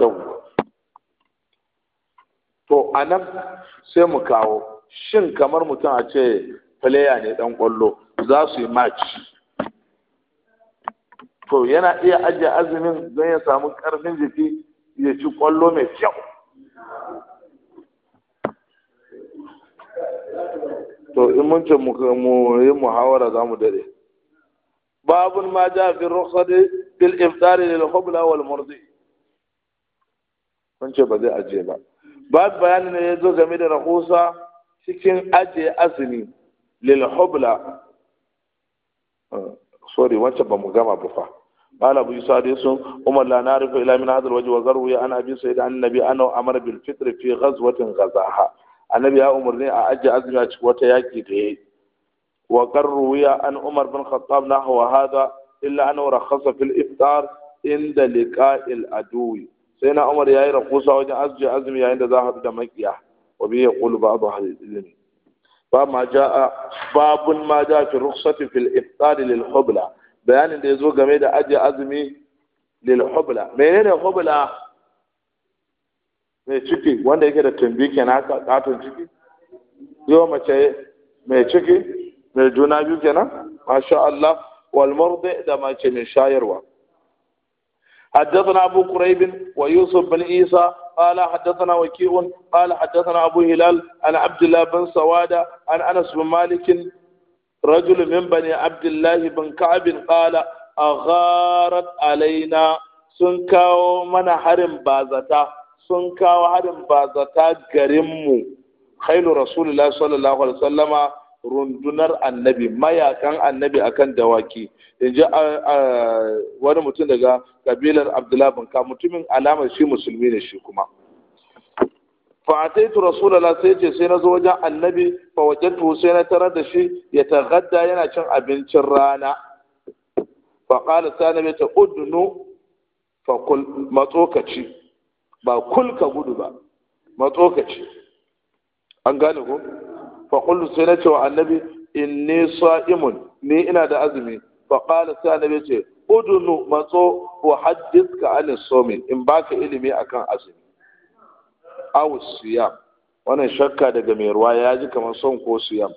yawwa to a nan sai mu kawo shin kamar mutum a ce player ne dan kwallo za su yi match to yana iya ajiye azumin don ya samu karfin jiki ya ci kwallo mai kyau to in mun ce mu yi muhawara za mu dade باب ما جاء في الرخصة في للخبلة والمرضي ba zai ajiye ba ba bayanin ne ya zo game da rahusa cikin ajiye azumi lil hubla wancan ba mu gama ba fa قال ابو يسار يسوع عمر لا نعرف الا من هذا الوجه وغروي عن ابي سعيد عن النبي انه امر بالفطر في غزوه غزاها النبي ya umarni a ajiye azumi a cikin wata yaki da yayi وقد روي أن عمر بن الخطاب نحو هذا إلا أنه رخص في الإفطار عند لقاء العدو سينا عمر يا رخصة وجن أزجي أزمي عند ذاهب دمكية وبه يقول بعض أهل العلم فما جاء باب ما جاء في الرخصة في الإفطار للحبلة بيان da يزوج zo أجي أزمي للحبلة من هنا الحبلة menene hubla mai ciki wanda yake da tumbi kenan haka katon ciki yau mace mai ciki mai کنا biyu kenan masha Allah wal murdi حدثنا أبو قريب ويوسف بن عيسى قال حدثنا وكيع قال حدثنا أبو هلال عن عبد الله بن سوادة عن أنس بن مالك رجل من بني عبد الله بن كعب قال أغارت علينا سنكاو من حرم بازتا سنكاو حرم بازتا قرم خيل رسول الله صلى الله عليه وسلم rundunar annabi mayakan annabi akan dawaki in ji wani mutum daga kabilar abdullahi ka mutumin alamar shi musulmi ne shi kuma fa ataitu rasulullah sai ce sai na zo wajen annabi fa wajadtu sai na tarar da shi ya tagadda yana cin abincin rana fa qala sanabi ta udnu fa kul matsokaci ba kul ka gudu ba matsokaci an gane ko fa qultu sai na ce wa annabi inni sa'imun ni ina da azumi fa qala sai annabi ce udunu matso wa haddithka an sawmi in baka ilimi akan azumi aw siyam wannan shakka daga mai ruwa ya ji kamar son ko siyam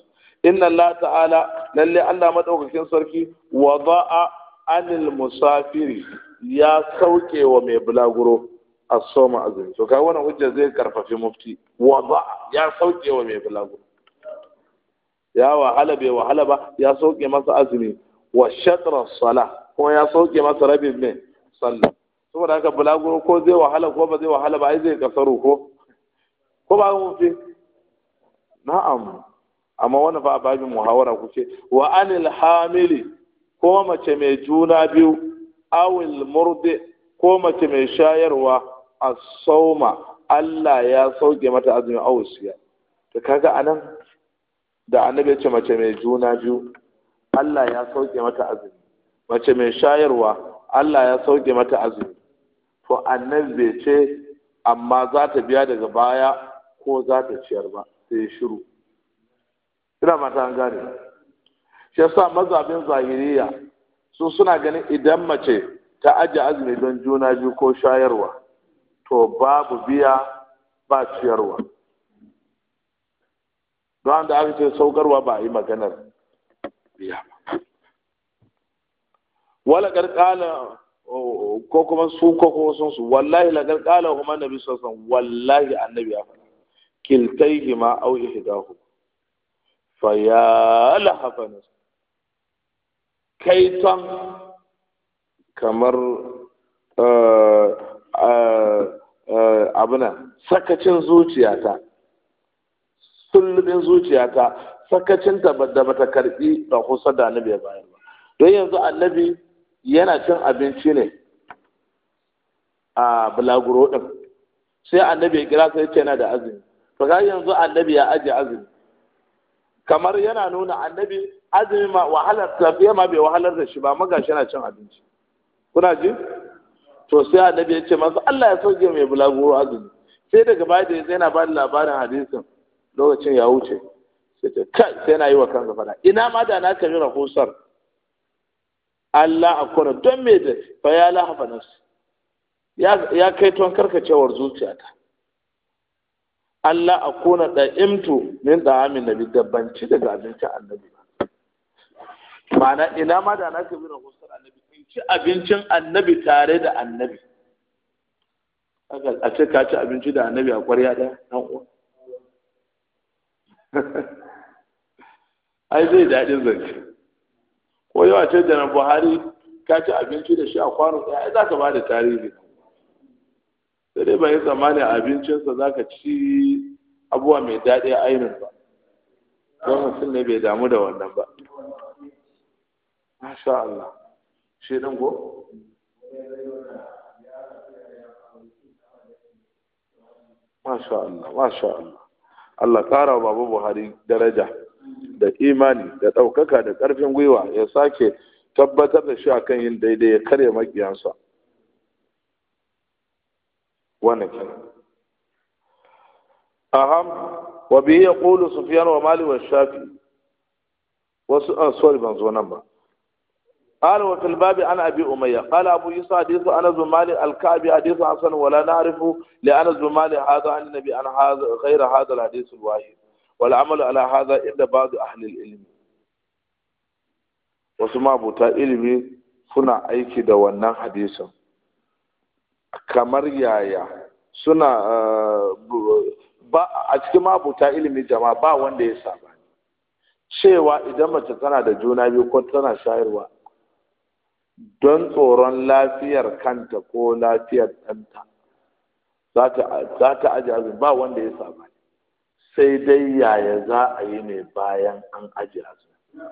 inna allah ta'ala lalle allah madaukakin sarki wada'a anil musafiri ya sauke wa mai bulaguro as-sawma azumi to kai wannan zai karfafi mufti wada'a ya sauke wa mai bulaguro ya wahala bai wahala ba ya sauke masa azumi wa shatra sala kuma ya sauke masa rabin mai sallah saboda haka bulaguro ko zai wahala ko ba zai wahala ba ai zai kasaro ko ko ba mu fi na'am amma wani fa babin muhawara kuce wa anil hamili ko mace mai juna biyu awil murdi ko mace mai shayarwa as-sawma Allah ya sauke mata azumin awsiya to kaga anan da annabi ce mace mai juna biyu Allah ya sauke mata azumi mace mai shayarwa Allah ya sauke mata azumi to annabi bai ce amma za ta biya daga baya ko za ta ciyar ba sai shiru ina mata an gane shi yasa mazabin zahiriya su suna ganin idan mace ta aje azumi don juna biyu ko shayarwa to babu biya ba ciyarwa don da aka ce saukarwa ba a yi maganar biya ba wala karkala ko kuma su ko kuma sun su wallahi la karkala kuma nabi sallallahu wallahi annabi ya faɗa ma aw ihdahu fa ya lahafana kaiton kamar eh, eh, eh, abuna sakacin zuciyata sullubin zuciyata sakacinta da bata karbi da kusa da annabi ya bayar ba don yanzu annabi yana cin abinci ne a bulaguro din sai annabi ya kira sai yana da azumi to ga yanzu annabi ya aje azumi kamar yana nuna annabi azumi ma wahalar tafiya ma bai wahalar da shi ba magashi yana cin abinci kuna ji to sai annabi ya ce masa Allah ya sauke mai bulaguro azumi sai daga baya da yana ba da labarin hadisin lokacin ya wuce sai ta kai sai na yi wa kansa fada ina ma da na jira rahusar Allah akwai don me da fa ya lahafa nafsi ya kai ton karkacewar zuciyata Allah akwai da imtu min da amin nabi dabbanci daga abincin annabi ma'ana ina ma da na jira rahusar annabi in ci abincin annabi tare da annabi a ce ka ci abinci da annabi a kwarya ɗaya ɗan uwa ai zai daɗin zance ko yau a ce na buhari ka ci abinci da shi a kwano ɗaya ai za ka ba da tarihi sai dai bai tsammani a abincinsa za ka ci abuwa mai daɗi ainihin ba don mutum ne bai damu da wannan ba masha Allah shi ɗin ko masha Allah masha Allah Allah kara wa Baba Buhari daraja da imani da ɗaukaka da ƙarfin gwiwa ya sake tabbatar da shi akan yin daidai ya karya maƙiyansa wannan ke. aham wa bihi yaqulu sufyan wa mali wa shafi wasu ah, sorry ban zo nan ba قال وفي الباب عن ابي اميه قال ابو يوسف حديث انا زمال الكعبي حديث حسن ولا نعرف لان زمال هذا عن النبي عن هذا غير هذا الحديث الواحد والعمل على هذا عند بعض اهل العلم wasu mabuta ilimi suna aiki da wannan hadisin kamar yaya suna ba a cikin mabuta ilimi jama'a ba wanda ya saba cewa idan mace tana da juna biyu ko tana shayarwa don tsoron lafiyar kanta ko lafiyar ɗanta za ta aji azumi ba wanda ya saba sai dai yaya za a yi ne bayan an aji azumi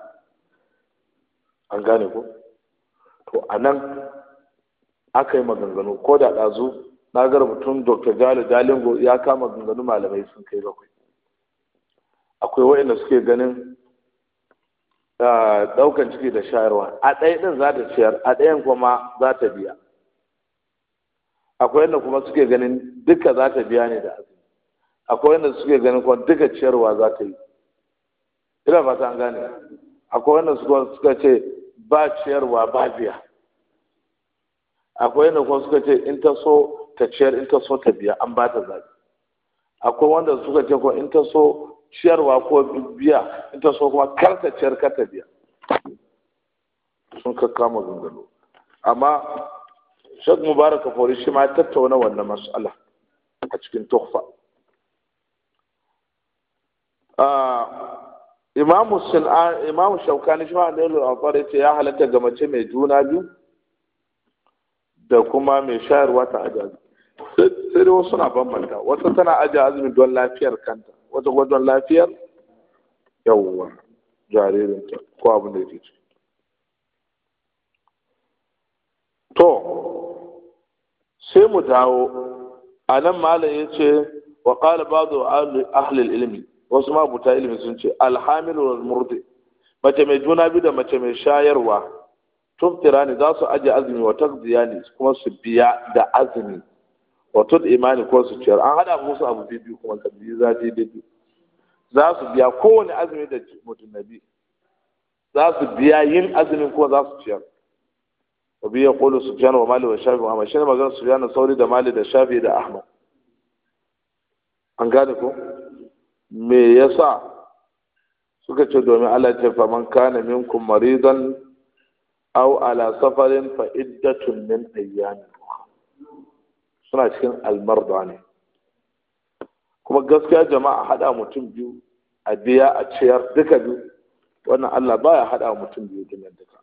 an gane ko to a nan aka yi maganganu ko da ɗazu na gara mutum, dr jalo dalingo ya kama maganganu malamai sun kai bakwai akwai waɗanda suke ganin daukan ciki da shayarwa a ɗaya ɗin za ta ciyar a ɗayan kuma za ta biya akwai yadda kuma suke ganin duka za ta biya ne da azumi akwai yadda suke ganin kuma duka ciyarwa za ta yi ina ba an gane akwai yadda suka ce ba ciyarwa ba biya akwai yadda kuma suka ce in ta so ta ciyar in ta so ta biya an ba ta zaɓi akwai wanda suka ce ko in ta so ciyarwa ko biya in ta so kuma karta ciyar ta biya sun kakkama gangano amma shek mubarak fori shi ma ya tattauna wannan mas'ala a cikin tuhfa ah, imamu sin'an imamu shaukani shi ma da yalo ce ya halatta ga mace mai juna biyu da kuma mai shayarwa ta ajazi sai dai wasu na banbanta wata tana aje azumi don lafiyar kanta wata gwadon lafiyar yawwa jaririnta ko abin da yake ci to sai mu dawo a nan malam ya ce wa ba ba'du ahlil ilmi wasu mabuta ilmi sun ce alhamilu wa murdi mace mai juna biyu da mace mai shayarwa tun ne za su ajiye azumi wa takziya ne kuma su biya da azumi wato imani ko su ciyar an hada musu abu biyu kuma kabili za ta yi za su biya kowane azumi da mutum na bi, za su biya yin azumin kuma za su ciyar wa biya qulu sufyan wa mali wa shafi amma shi ne magana sufyan da sauri da mali da shafi da ahmad an gane ko me yasa suka ce domin Allah ce fa man kana minkum maridan aw ala safarin fa iddatun min ayyamin suna cikin almarda ne kuma gaskiya jama'a haɗa mutum biyu a biya a ciyar duka biyu wannan Allah baya haɗa mutum biyu nan duka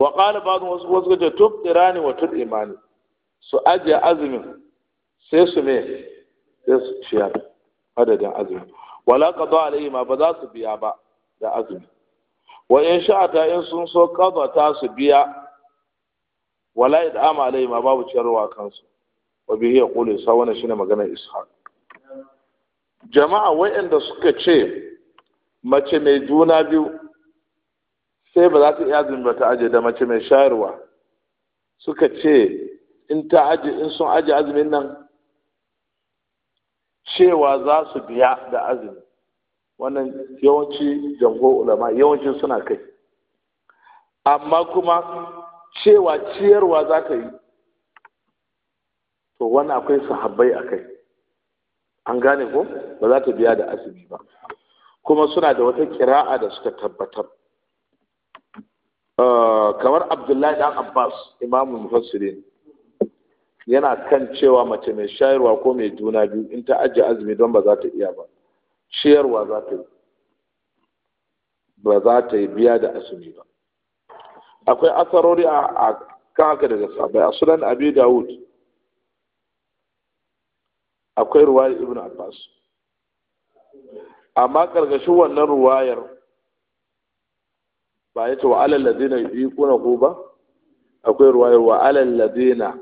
wa qala ba'd wasu wasu gaje tub irani wa tub imani su ajiye azumin sai su me sai su ciyar adadin azumin wala qada alayhi ma ba za su biya ba da azumi wa in sha'ata in sun so qada ta su biya wala da'ama alai ma babu ciyarwa kansu wa bihi yaqulu sa wannan shine magana ishaq jama'a wayanda suka ce mace mai juna biyu sai ba za ta iya azumi ba ta aje da mace mai shayarwa suka ce in ta aje in sun aje azumin nan cewa za su biya da azumi wannan yawanci jango ulama yawancin suna kai amma kuma cewa ciyarwa za ka yi to wani akwai sahabbai a kai an gane ko ba za ta biya da asibi ba kuma suna da wata kira'a da suka tabbatar ah, kamar abdullahi dan abbas imamu mufassirin yana kan cewa mace mai shayarwa ko mai juna biyu in ta ajiye azumi don ba za ta iya ba ciyarwa za ta yi ba za ta yi biya da asumi ba akwai asarori a kaka daga sabai a sunan abi dawud akwai ruwayar ibn abbas amma karkashin wannan ruwayar ba ya ce wa alal ladina kuna ku ba akwai ruwayar wa alal ladina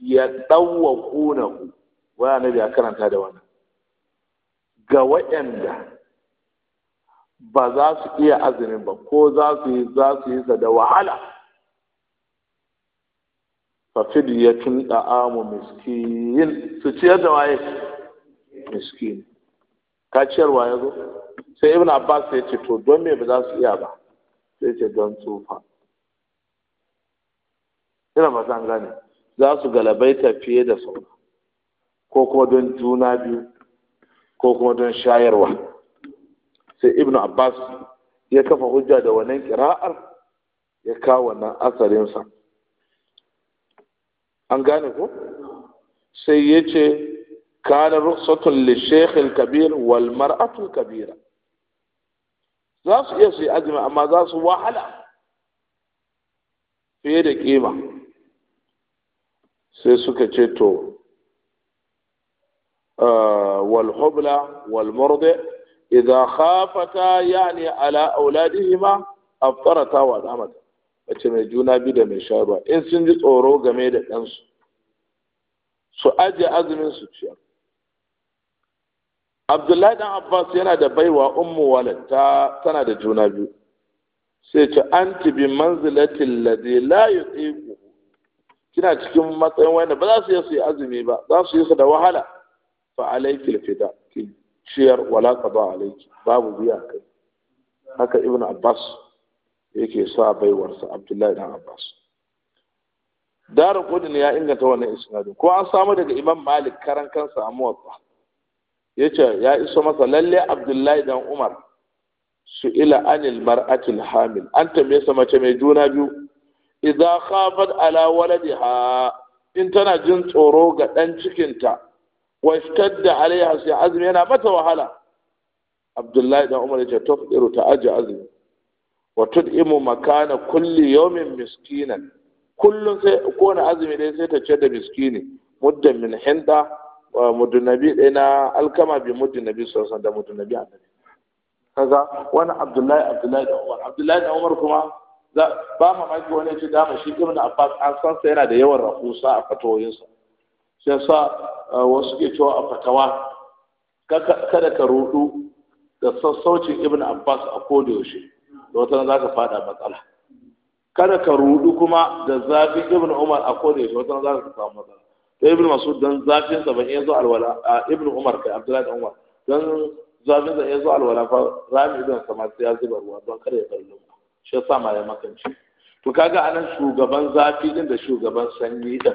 ya dawwa kuna ku wa ne ya karanta da wannan ga waɗanda ba za su iya azumin ba ko za su yi za su yi sa da wahala ya tun da'amu miskin su ciyar da waye miskin ka ciyar waye zo sai ibn abbas ya ce to don me ba za su iya ba sai ce don tsufa ina ba zan gane za su galabaita fiye da saura ko kuma don juna biyu ko kuma don shayarwa sai ibnu abbas ya kafa hujja da wannan kira'ar ya kawo wannan asarinsa an gane ko sai ya ce kana rukhsatun li shekhil kabir wal mar'atul kabira za su iya su yi azumi amma za su wahala fiye da kima sai suka ce to ah, wal hubla wal murdi idza khafata a ala auladihima aftarata wa damat mace mai juna biyu da mai sharuwa in sun ji tsoro game da ɗansu su ajiye azumin su ciyar abdullahi dan abbas yana da baiwa ummu walad ta tana da juna biyu sai ce anti bi manzilatil ladhi la kina cikin matsayin wani ba za su yi su yi azumi ba za su yi su da wahala fa alaikil fida ki ciyar wala ba alaiki?" babu biya kai haka ibn abbas yake sa baiwarsa abdullahi dan abbas daru qudni ya inganta wannan isnadin ko an samu daga imam malik karan kansa a muwatta yace ya iso masa lalle abdullahi dan umar su ila anil mar'atil hamil an tambaye sa mace mai juna biyu idza khafat ala waladiha in tana jin tsoro ga dan cikinta wa ishtadda alaiha sai azumi yana mata wahala abdullahi dan umar yace tafdiru ta aji azumi wa tud'imu makana kulli yawmin miskinan kullun sai ko na azumi dai sai ta ce da miskini muddan min hinda wa muddun na alkama bi da kaga wani abdullahi abdullahi dan umar abdullahi dan umar kuma ba maki wani ya ce dama shi ibn abbas an san sa yana da yawan rahusa a fatoyinsa shi sa wasu ke cewa a fatawa kada ka rudu da sassaucin ibn abbas a koda yaushe da wata za ka fada matsala kada ka rudu kuma da zafin ibn umar a koda yaushe wata za ka samu matsala to ibn masud dan zafin sa ban iya zo alwala ibn umar kai abdullahi dan umar dan zafin sa iya zo alwala fa rami ibn sama sai ya zuba ruwa don kada ya ku. shi sa ma ya makanci to kaga anan shugaban zafi din da shugaban sanyi din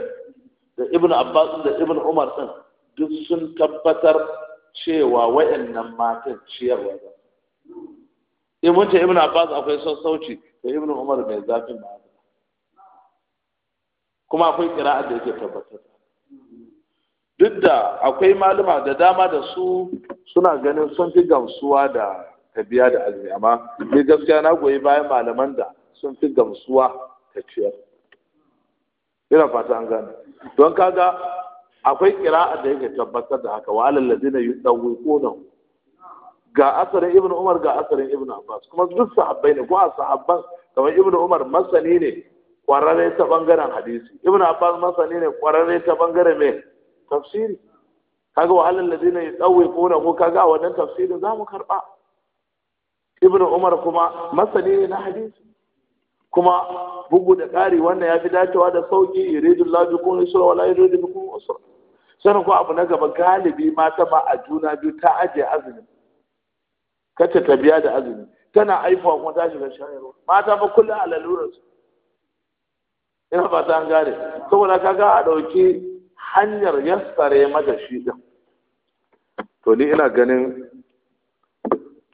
da ibn abbas da ibn umar din duk sun tabbatar cewa wayannan matan ciyarwa ba in mun ce ibn abbas akwai sassauci da ibn umar mai zafin ba kuma akwai kira'a da yake tabbatar duk da akwai malama da dama da su suna ganin sun fi gamsuwa da tabiya da azumi amma ni gaskiya na goyi bayan malaman da sun fi gamsuwa ta ciyar ina fata an gane don kaga akwai kira'a da yake tabbatar da haka wa alal ladina yudawwiquna ga asarin ibn umar ga asarin ibn abbas kuma duk sahabbai ne ko sahabban kamar ibn umar masani ne kwararre ta bangaren hadisi ibn abbas masani ne kwararre ta bangaren mai tafsiri kaga wa alal ladina yudawwiquna ko kaga wannan tafsirin zamu karba ibn umar kuma masani ne na hadisi kuma bugu da ƙari wannan ya fi dacewa da sauki yuridul lahu bikum yusra wala yuridu bikum usra sanin ko abu na gaba galibi mata ba a juna biyu ta ajiye azumi kata ta biya da azumi tana aifuwa kuma ta shiga shayarwa mata ba kullum a su ina ba ta gane saboda kaga a ɗauki hanyar yassare mata shi ɗin to ni ina ganin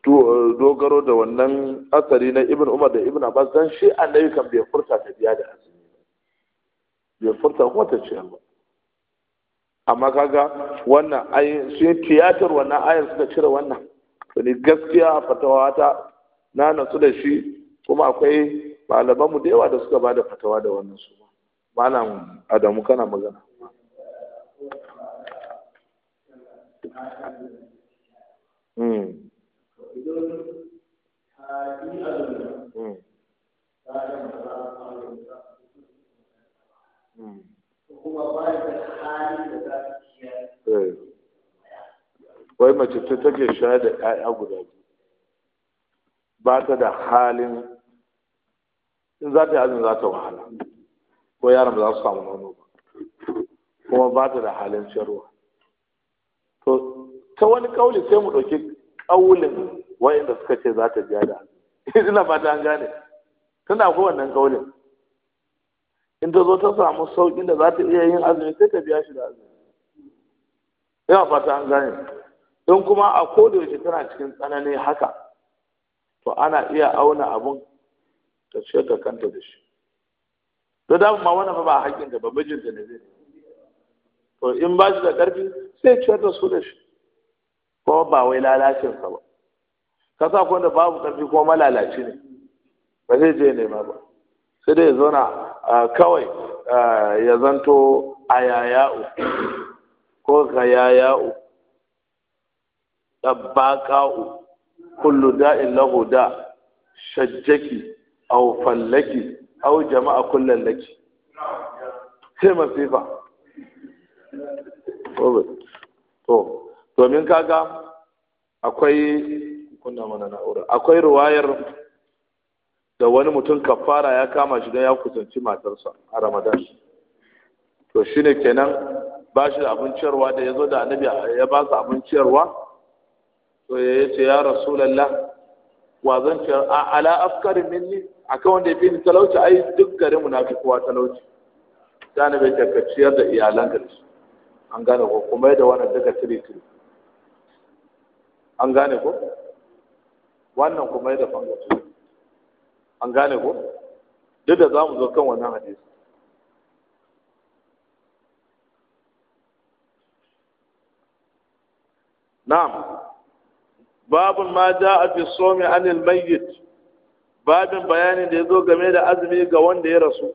Eh, dogaro da wannan asari na ibn umar da ibn abbas dan shi annabi kan bai furta ta biya da azumi bai furta kuma ta ce ba amma kaga wannan ai sun tiyatar wannan ayar suka cire wannan to ni gaskiya fatawa ta na nasu da shi kuma akwai malaman mu da yawa da suka bada fatawa da wannan su malam adamu kana magana Mm. Eh. wai mace ta take shayar da 'ya'ya guda biyu ba ta da halin in za ta yi azumi za ta wahala ko yaron ba za su samu nono ba kuma ba ta da halin ciyarwa to ta wani kauli sai mu ɗauki kaulin wa'inda suka ce za ta biya da ina fata an gane tana ko wannan kaulin in ta zo ta samu sauƙin da za ta iya yin azumi sai ta biya shi da azumi ina fata an gane don kuma a kodayaushe tana cikin tsanani haka to ana iya auna abun ta ce ta kanta da shi to da ma wani ba haƙƙinta ba mijinta ne zai to in ba shi da ƙarfi sai ciyar da su da shi ko ba wai lalacinsa ba ka sa da babu karfi ko malalaci ne ba zai je nema ba sai dai ya zauna kawai ya zanto a yaya'u ko ka yaya'u ɗabbaƙa'u kullu da'in lahu da shajjaki au fallaki au jama'a laki, sai masifa to domin kaga akwai kunna mana na'ura akwai ruwayar da wani mutum kafara ya kama shi don ya kusanci matarsa a ramadan to shine kenan ba shi da abinciyarwa da ya zo da annabi ya ba su abinciyarwa to ya ce ya rasulallah wa zan ce a ala afkarin minni akan wanda ya fi talauci ai duk garin munafikuwa talauci da annabi ya da iyalan gari an gane ko kuma da wani duka tiri tiri an gane ko wannan kuma ya da fangatu an gane ko duk da za mu zo kan wannan hadisi na'am babun ma a fi somi anil mayyit babin bayanin da ya zo game da azumi ga wanda ya rasu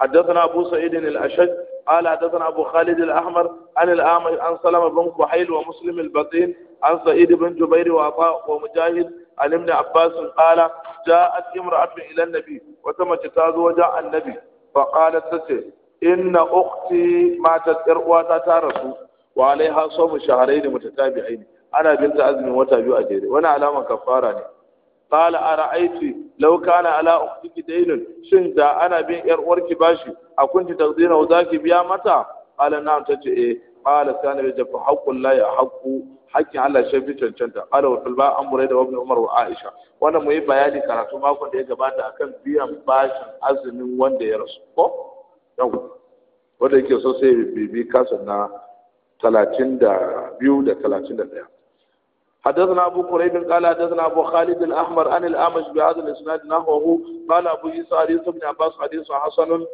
حدثنا أبو سعيد الأشج قال حدثنا أبو خالد الأحمر عن الأعمش عن سلمة بن كحيل ومسلم البطين عن سعيد بن جبير وعطاء ومجاهد عن ابن عباس قال جاءت امرأة إلى النبي وتمت تازو وجاء النبي فقالت تسي إن أختي ماتت إرواتا تارسو وعليها صوم شهرين متتابعين أنا بنت أزمي وتابع أجيري وأنا علامة كفارة قال أرأيت لو كان على أختك دين شن دا أنا بين إرورك باشي أكنت تقدين وذاك بيا متى قال نعم تجي إيه قال كان يجب حق الله حق حق على شفي تنتنتا قال وطلباء أمر إيدا وابن عمر وعائشة وانا مهي بياني كانت ما كنت إيجا بعد أكن بيا باشا أزن وان دي رسول يوم wanda yake so بي بي كاسنا 32 talatin da biyu حدثنا أبو قريب قال حدثنا أبو خالد الأحمر عن الأعمش بهذا الإسناد نحوه قال أبو عيسى حديث ابن عباس حديث حسن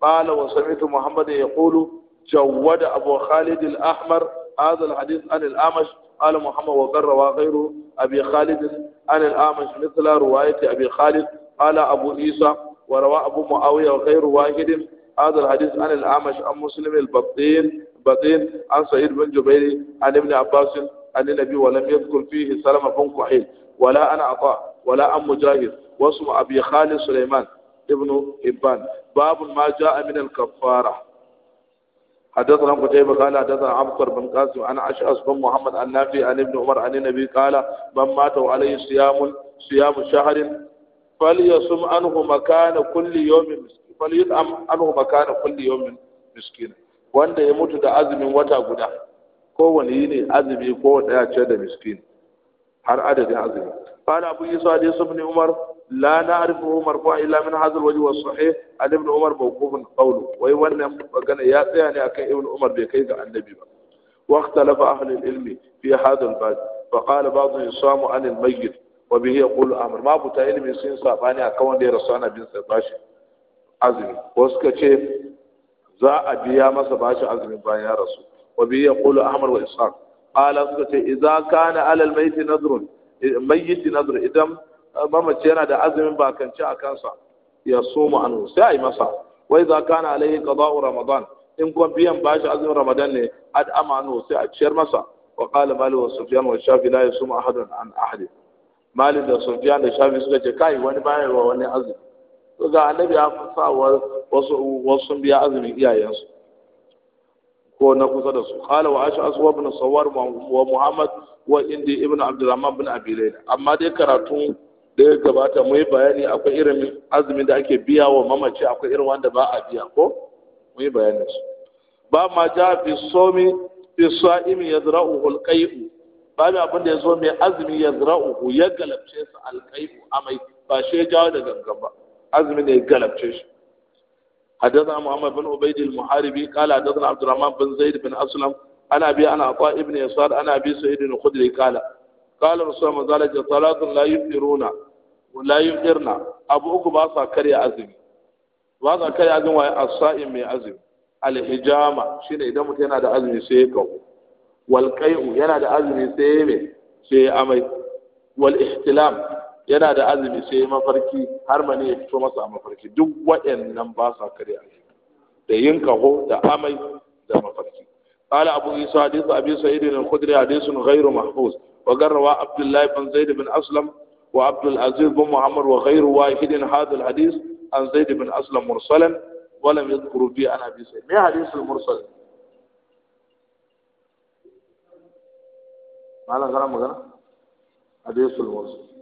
قال وسمعت محمد يقول جود أبو خالد الأحمر هذا الحديث عن الأعمش قال محمد وقر وغيره أبي خالد عن الأعمش مثل رواية أبي خالد قال أبو عيسى وروى أبو معاوية وغير واحد هذا الحديث عن الأعمش عن مسلم البطين بطين عن سعيد بن جبير عن ابن عباس عن النبي ولم يذكر فيه سلمة بن كحيل ولا أنا عطاء ولا أم مجاهد واسم أبي خالد سليمان ابن إبان باب ما جاء من الكفارة حدثنا قتيبة قال حدثنا عبقر بن قاسم عن أشعث بن محمد عن نافع عن ابن عمر عن النبي قال من مات عليه صيام صيام شهر فليصم عنه مكان كل يوم مسكين فليطعم عنه مكان كل يوم مسكين wanda ya mutu da azumin wata guda kowane yi ne azumi ko ɗaya ce da miskin har adadin azumi fara abu yi su umar la na arifu umar ko a ilamin hazar waje wa sahi alibin umar ba kofin kaulu wai wannan magana ya tsaya ne akan ibn umar bai kai ga annabi ba waqta lafa ahlul ilmi fi hadal bad fa qala ba'dhu yusamu an al mayyit wa bihi yaqulu amr ma buta ilmi sun sabani akan wanda ya rasu annabi sai bashi azumi ko suka za a biya masa bashi azumi bayan ya rasu wa ya kula ahmad wa ishaq qala suka ce idza kana alal mayt nadrun idan mamaci yana da azumin bakanci a kansa ya soma anhu sai ai masa wa idza kana alaihi qada'u ramadan in kuma biyan bashi azumin ramadan ne ad amanu sai a ciyar masa wa qala malik wa sufyan wa shafi la yasuma ahadun an da shafi suka ce wani wani azumi ga annabi ya fasa wasu wasu biya azumin iyayensu ko na kusa da su qala wa asha aswa ibn sawar wa muhammad wa indi ibn abdurrahman ibn abi layla amma dai karatu da ya gabata mu yi bayani akwai irin azumin da ake biya wa mamaci akwai irin wanda ba a biya ko mu yi bayanin su ba ma ja fi somi fi sa'imi al alqai'u ba mai abin da ya zo mai azumi yazra'uhu ya galabce al alqai'u amai ba shi ya jawo da gangan ba azumi ne ya galabce shi حدثنا محمد بن عبيد المحاربي قال حدثنا عبد الرحمن بن زيد بن اسلم انا ابي انا عطاء ابن يسار انا ابي سعيد الخدري قال قال رسول الله صلى الله عليه صلاة لا يفطرون ولا يفطرنا ابو أكو باسا يا عزمي واذا كان عزم واي الصائم يا عزم الحجامة شين إذا مت ينادى عزمي سيكو والقيء ينادى عزمي سيمي سي امي والاحتلام yana da azumi sai mafarki har mani ya fito masa a mafarki duk waɗannan ba sa kare a da yin kaho da amai da mafarki قال أبو عيسى حديث أبي سعيد الخدري حديث غير محفوظ وقال رواه عبد الله بن زيد بن أسلم وعبد العزيز بن محمد وغير واحد هذا الحديث عن زيد بن أسلم مرسلا ولم يذكر فيه عن أبي سعيد ما حديث المرسل؟ ما لا غرام غرام حديث المرسل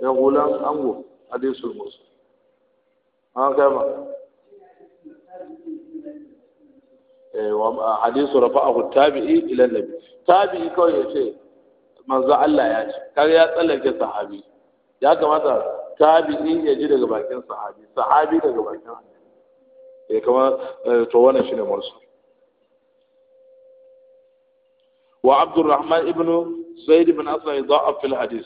ya gulan ango hadisul musu an gama eh, hadisu rafa'ahu tabi'i ila nabi tabi'i kawai yace manzo Allah ya ce kar ya tsallake sahabi ya kamata tabi'i ya ji daga bakin sahabi sahabi daga bakin annabi eh kama eh, to wannan shine mursu wa Abdurrahman ibnu sayyid ibn Aslam yadha'af fil hadith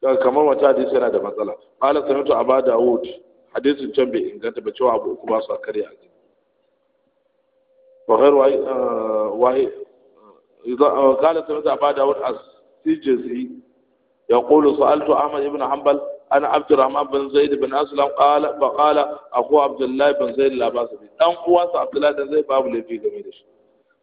kamar wata hadisi yana da matsala ƙala sanatu a bada wood hadisin can bai inganta ba cewa abu ba su a karya a gani wa khair wa eh, wa eh, idan ƙala eh, a bada wood as sijizi ya qulu sa'altu ahmad ibn hanbal ana abdurrahman bin zaid bin Asulam, qala fa qala aku abdullah bin zaid la basu dan uwansa abdullah dan zaid babu lafi game da shi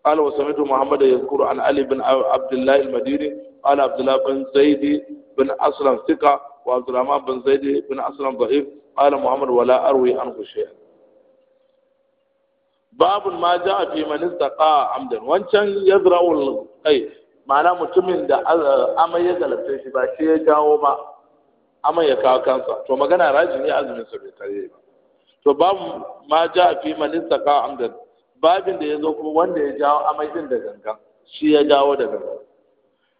qala wa sanatu muhammad yadhkuru an ali bin abdullah al-madini قال عبد الله بن زيد بن أسلم ثقة وعبد الرحمن بن زيد بن أسلم ضعيف قال محمد ولا أروي عنه شيئا باب ما جاء في من استقى عمدا وانشان يزرع القيف ma'ana mutumin da amai ya galabce shi ba shi ya jawo ba amai kansa to magana raji ne azumin sa kare to babu ma ja fi man istaka amdan babin da ya zo kuma wanda ya jawo amai din da gangan shi ya jawo da gangan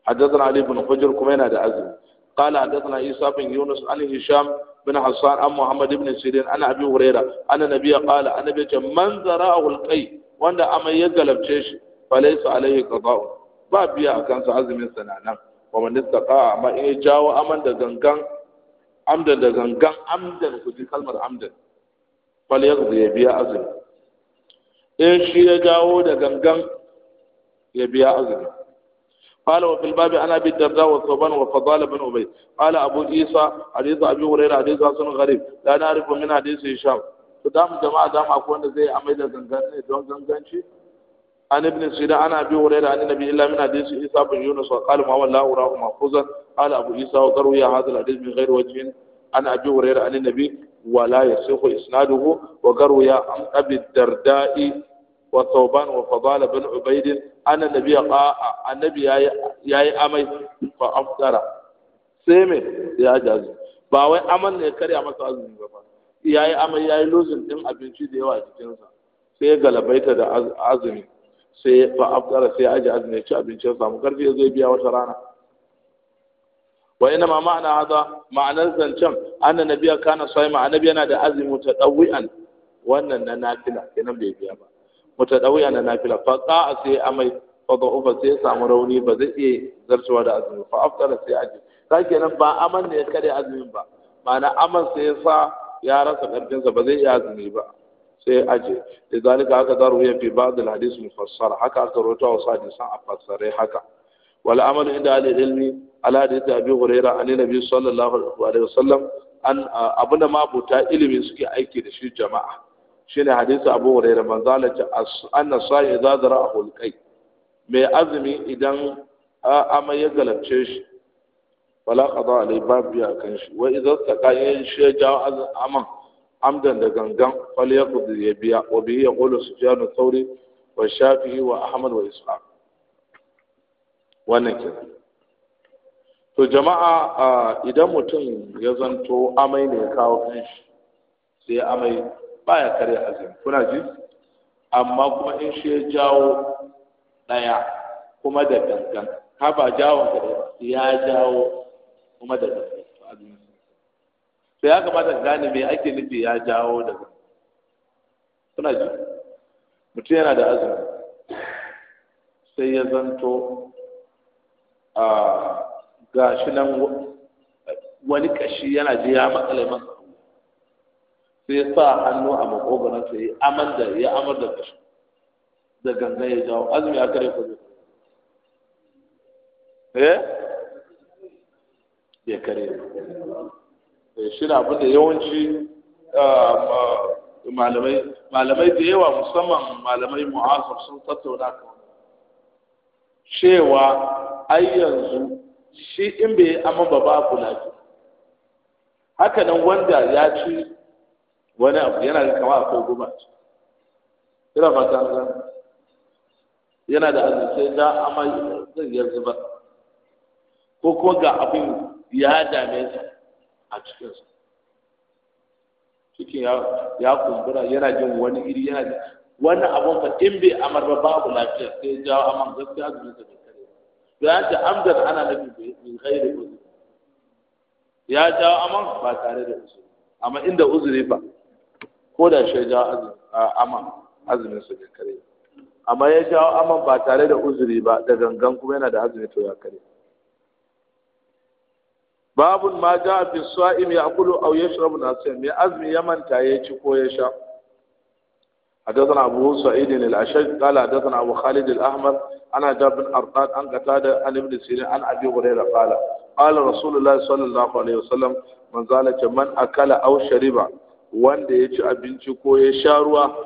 حدثنا علي بن حجر كمينة عزم قال حدثنا عيسى بن يونس عن هشام بن حسان عن محمد بن سيرين عن أبي هريرة أن النبي قال أنا بيت من ذراه القي وأن أما يقلب تشيش فليس عليه قضاء باب يا كان عزم سنانا ومن استقاع ما إيه جاو أمن دغنغان amdan da gangan amdan ku ji kalmar amdan fal yaqdi ya biya azumi in shi ya dawo da gangan ya biya azumi قال وفي الباب عن ابي الدرداء وثوبان وفضال بن ابي قال ابو عيسى حديث ابي هريره حديث حسن غريب لا نعرف من حديث هشام فدام جماعه دام اكو wanda zai amai da gangan don ganganci عن ابن سيدا عن ابي هريره عن النبي الا من حديث عيسى بن يونس وقال ما والله راه محفوظا قال ابو عيسى وقروي هذا الحديث من غير وجه عن ابي هريره عن النبي ولا يصح اسناده وقروي عن ابي الدرداء وثوبان وفضال بن عبيد ana nabi ya ƙa'a annabi ya yi amai fa afdara sai me ya jazu ba wai aman ne ya karya masa azumi ba ba ya yi amai ya yi lozin ɗin abinci da yawa a jikinsa sai ya galabaita da azumi sai fa afdara sai ya aji azumi ya ci abinci ya samu karfi ya zai biya wata rana wa ina ma ma'ana haza ma'anar zancen anna nabiya kana sai ma'anabi yana da azumi ta ɗawi'an wannan na nafila kenan bai biya ba mutadawiya na nafila fa a sai amai fa da'ufa sai samu rauni ba zai iya zarcewa da azumi fa aftara sai aji ka kenan ba aman ne ya kare azumin ba ma'ana aman sai ya sa ya rasa karfinsa ba zai iya azumi ba sai aje da zalika haka za ruwa fi ba'd al hadith mufassara haka aka rawaito wasu hadisan a fassare haka wal amalu inda ahli ilmi ala hadith abi hurairah an nabi sallallahu alaihi wasallam an abunda ma buta ilimi suke aiki da shi jama'a shine hadisi Abu Hurairah manzo Allah ce anna sa'i idza zara'ahu al-qay mai azumi idan amai ya galabce shi wala qada alai ba ya kan shi wa idza taqayin shi ya jawo aman amdan da gangan fal yaqdi ya biya wa bihi yaqulu sufyan thawri wa Shafi wa ahmad wa ishaq wannan ke to jama'a idan mutum ya zanto amai ne ya kawo kanshi sai amai baya karya azumi kuna ji amma kuma in shi ya jawo ɗaya kuma da gangan ka ba jawo ka da ya jawo kuma da gangan sai ya kamata gane me ake nufi ya jawo da kuna ji mutum yana da azumi sai ya zanto a ah, gashi nan wani kashi yana je ya matsale masa sai sa hannu a makogonan sai ya amar da ya amar da kashi da ganga ya jawo azumi a kare kudu eh ya kare ba eh, shi na abin da yawanci ah, malamai malamai da yawa musamman malamai mu'asar sun tattauna kan cewa ai yanzu shi in bai amma ba ba ku lafiya haka nan wanda ya ci wani abu yana da kama akwai guba ina fata na yana da azance da amma zai yanzu zuba ko kuma ga abin ya dame sa a su, cikin ya kumbura yana jin wani iri yana jin wani abun fa in bai amar ba babu lafiya sai ya jawo amma gaskiya azumin sa bai kare ba ya ce amdan ana nabi bin ghairi uzuri ya jawo amma ba tare da uzuri amma inda uzuri ba ko da shi ja aman azumin su ne kare amma ya jawo aman ba tare da uzuri ba da gangan kuma yana da azumi to ya kare babun ma ja fi sa'im ya kulu aw yashrabu nasiyan mai azumi ya manta ya ci ko ya sha حدثنا أبو سعيد الأشج قال حدثنا أبو خالد الأحمر أنا جاب بن أرقاد عن قتادة عن ابن سيرين عن أبي هريرة قال قال رسول الله صلى الله عليه وسلم من زال من أكل أو شرب wanda ya ci abinci ko ya sha ruwa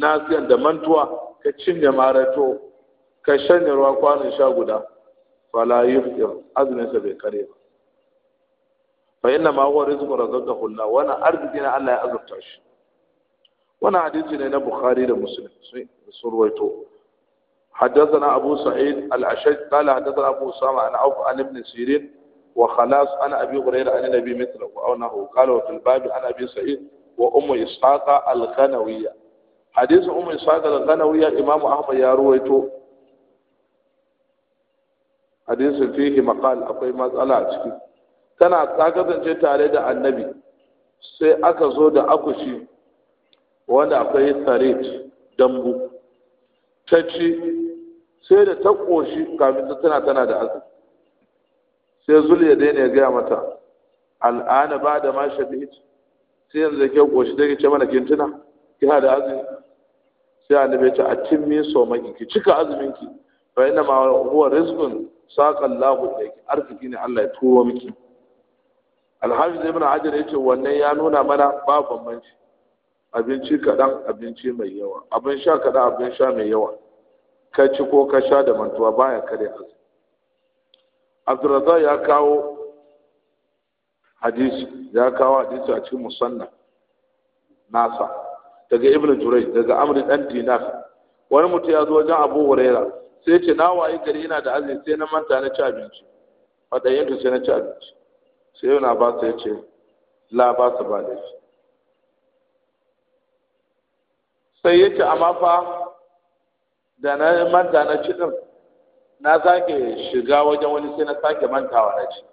siyan da mantuwa ka cinye marato ka shanye ruwa kwanan sha guda fala yuftir azuminsa bai kare ba fa inna rizu ko razar da Allah wani arziki na Allah ya azurta shi wani hadisi ne na Bukhari da Musulmi, sun ruwaito حدثنا أبو سعيد الأشج قال حدثنا أبو أسامة عن عوف عن ابن سيرين وخلاص أنا أبي هريرة عن النبي مثله أو نحو قال وفي الباب عن أبي سعيد wa ummu ishaqa al-ghanawiyya hadisin ummu ishaqa al-ghanawiyya imamu ahmad ya ruwaito hadisin fihi maqal akwai matsala a cikin. tana ta kasance tare da annabi sai aka zo da akushi wanda akwai tarit dambu ta ci sai da ta ƙoshi kafin ta tana tana da azumi sai zul ya daina ya gaya mata al'ana ba da ma shafi'it sai yanzu da kyau goshi take ce mana kintuna ki da azumi sai a nabe ta, a min so maki ki cika azumin ki fa inna ma huwa rizqun saqa Allahu ilayki arziki ne Allah ya turo miki Al-Hafiz Ibn Hajar ya ce wannan ya nuna mana ba bambanci abinci kaɗan abinci mai yawa abin sha kaɗan abin sha mai yawa ka ci ko ka sha da mantuwa baya kare azumi Abdurrazzaq ya kawo hadisi ya kawo hadisi a cikin musanna nasa daga ibnu jurai daga amr dan dinar wani mutum ya zo wajen abu huraira sai ce na waye gari ina da azumi sai na manta na ci abinci fadayin to sai na ci abinci sai yana ba ya ce la ba su ba da shi sai ya ce amma fa da na manta na ci din na zage shiga wajen wani sai na sake mantawa na ci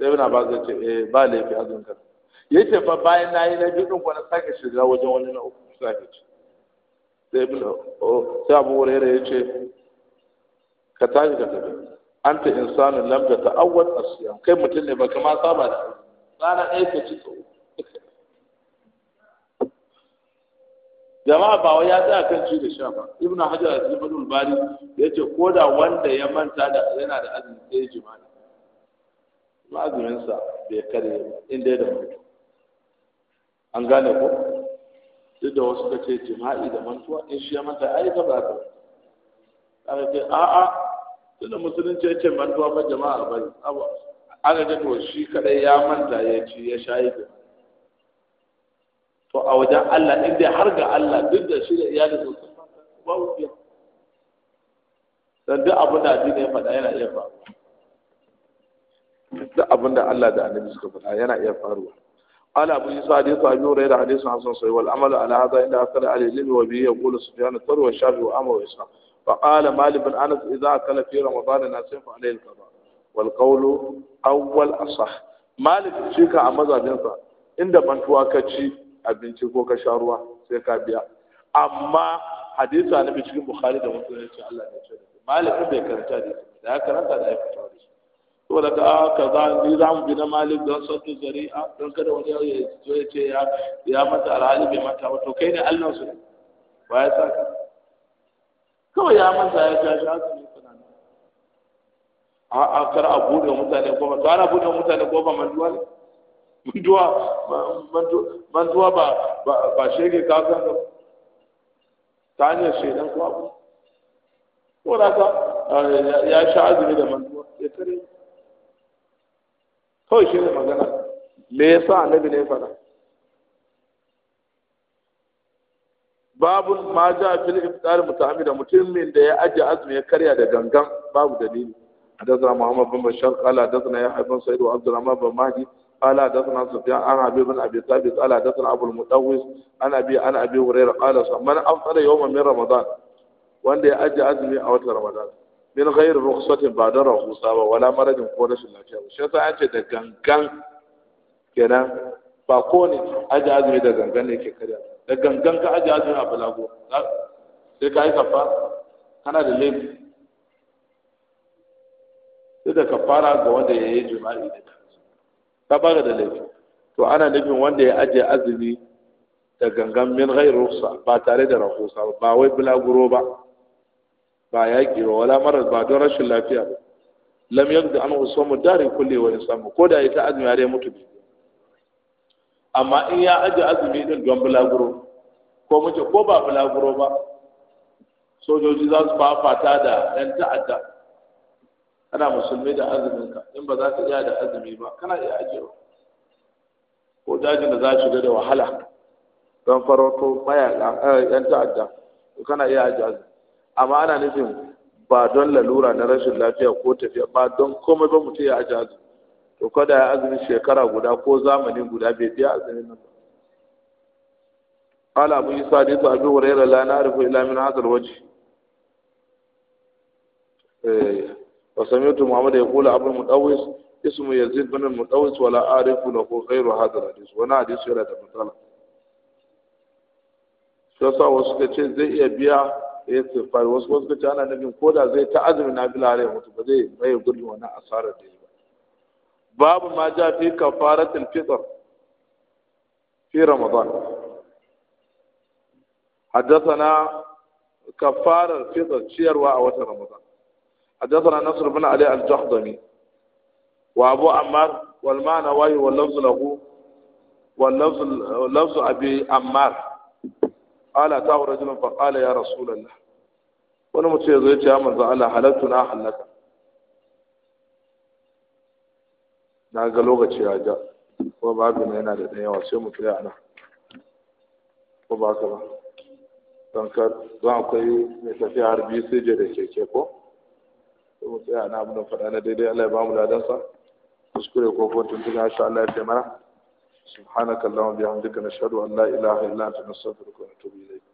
sai ibn ba zai ce eh ba laifi azumin Ya ce fa bayan na yi na biyu ɗin kwana sake shiga wajen wani na uku sake ci sai ibn oh, sai abu hurairah ya ce ka tashi ka tafi anta insanun lam ta ta'awwad asiyam kai mutum ne baka ma saba da rana ɗaya ka ci tsawo jama'a ba wai ya tsaya kan ci da sha ba ibnu hajar al-asqalani ya ce ko da wanda ya manta da yana da azumi sai jima'i ma'azuminsa bai karye inda da mutu an gane ko duk da wasu kace jima'i da mantuwa in shi ya manta ai ka ba ka ce a a tunda musulunci ya ce mantuwa ba jama'a ba abu An ga to shi kadai ya manta ya ci ya shayi da to a wajen Allah in dai har ga Allah duk da shi da iyali su sun manta ba wuce dan duk abin da addini ya faɗa yana iya faruwa duk abin da Allah da annabi suka faɗa yana iya faruwa ala abu yusuf hadithu da hurairah hadithu hasan sahih wal amal ala hadha inda akala ali lim wa bihi yaqulu sufyan thur wa shafi wa amr wa isha wa qala mal ibn anas idha akala fi ramadan nasif alayhi al wal qawlu awwal asah mal ibn shika a mazabin sa inda bantuwa ka ci abinci ko ka sha ruwa sai ka biya amma hadithu annabi cikin bukhari da muslim ya ce Allah ya ce malik bai karanta da ya karanta da ya fitar saboda ah, ka za ni za mu bi na malik don zari a don kada wani ya zo ya ce ya mata alhali bai mata ba to kai ne allah su ne ba ya sa ka kawai ya mata ya ja ja su ne kuna nan a ah, a ah, kar a bude mutane goma to ana bude mutane goma manduwa ne manduwa manduwa ba ba shege ka san ka ta hanyar shedan ko abu ko da ka ya sha azumi da manduwa ya kare Ko shi ne magana me yasa sa annabi ne fada babu ma ja fil iftar mutahmi mutumin da ya aje azumi ya karya da gangan babu dalili hadathana muhammad bin bashar qala hadathana ya haifan sayyid wa abdurrahman bin mahdi qala hadathana sufyan an abi bin abi thabit qala hadathana abul mutawwis an abi an abi hurairah qala man afsala yawma min ramadan wanda ya aje azumi a watan ramadan min ghairi rukhsatin ba da rahusa ba wala maradin ko rashin lafiya ba shi yasa an ce da gangan kenan ba ko ne aji azumi da gangan ne ke karya da gangan ka aji azumi a balago sai ka yi kafa kana da laifi sai da kafara ga wanda ya yi jima'i da ta bada da laifi to ana nufin wanda ya ajiye azumi da gangan min ghairi rukhsa ba tare da rahusa ba wai bulaguro ba ba yaƙi ba wala marar ba don rashin lafiya ba lam yadda an wasu mu dare kulle wani samu ko da ita azumi ya mutu amma in ya aje azumi din don bulaguro ko muke ko ba bulaguro ba sojoji za su fafata da yan ta'adda kana musulmi da azuminka in ba za ka iya da azumi ba kana iya ajewa ko dajin da za shiga da wahala don farauto mayaƙa eh, yan ta'adda kana iya ajiye azumi amma ana nufin ba don lalura na rashin lafiya ko tafiya ba don komai ba mutum ya ajiye azumi to kada ya azumi shekara guda ko zamani guda bai biya azumin nan ba ala mun yi sadi ta abin wurare la na arifu ila min hadar waje eh, wa samitu Muhammadu ya kula abin mu mudawis ismu yazid bin mudawis wala arifu na ko khairu hadar hadis wa na hadis yana da matsala sai sa wasu ce zai iya biya istighfar wasu wasu kace ana nufin ko da zai ta azumi nafila rai mutu ba zai bai gurbin wani asarar da yi ba babu ma ja fi kafaratul fitr fi ramadan حدثنا كفار الفطر شيروا أو رمضان حدثنا نصر بن علي الجحضمي وأبو عمار والمعنى وهي واللفظ له واللفظ لفظ أبي عمار قال أتاه رجل فقال يا رسول الله wani mutum ya zo ya ce ya manzo Allah halattu na halaka na ga lokaci ya ja ko ba babu na yana da ɗan yawa sai mu tsaya ana ko ba ka ba don ka don akwai mai tafiya har biyu sai je da keke ko sai mu tsaya ana abin da faɗa na daidai Allah ya ba mu ladansa kuskure ko ko tuntuna insha Allah ya taimara سبحانك اللهم وبحمدك نشهد أن لا إله إلا أنت نستغفرك ونتوب إليك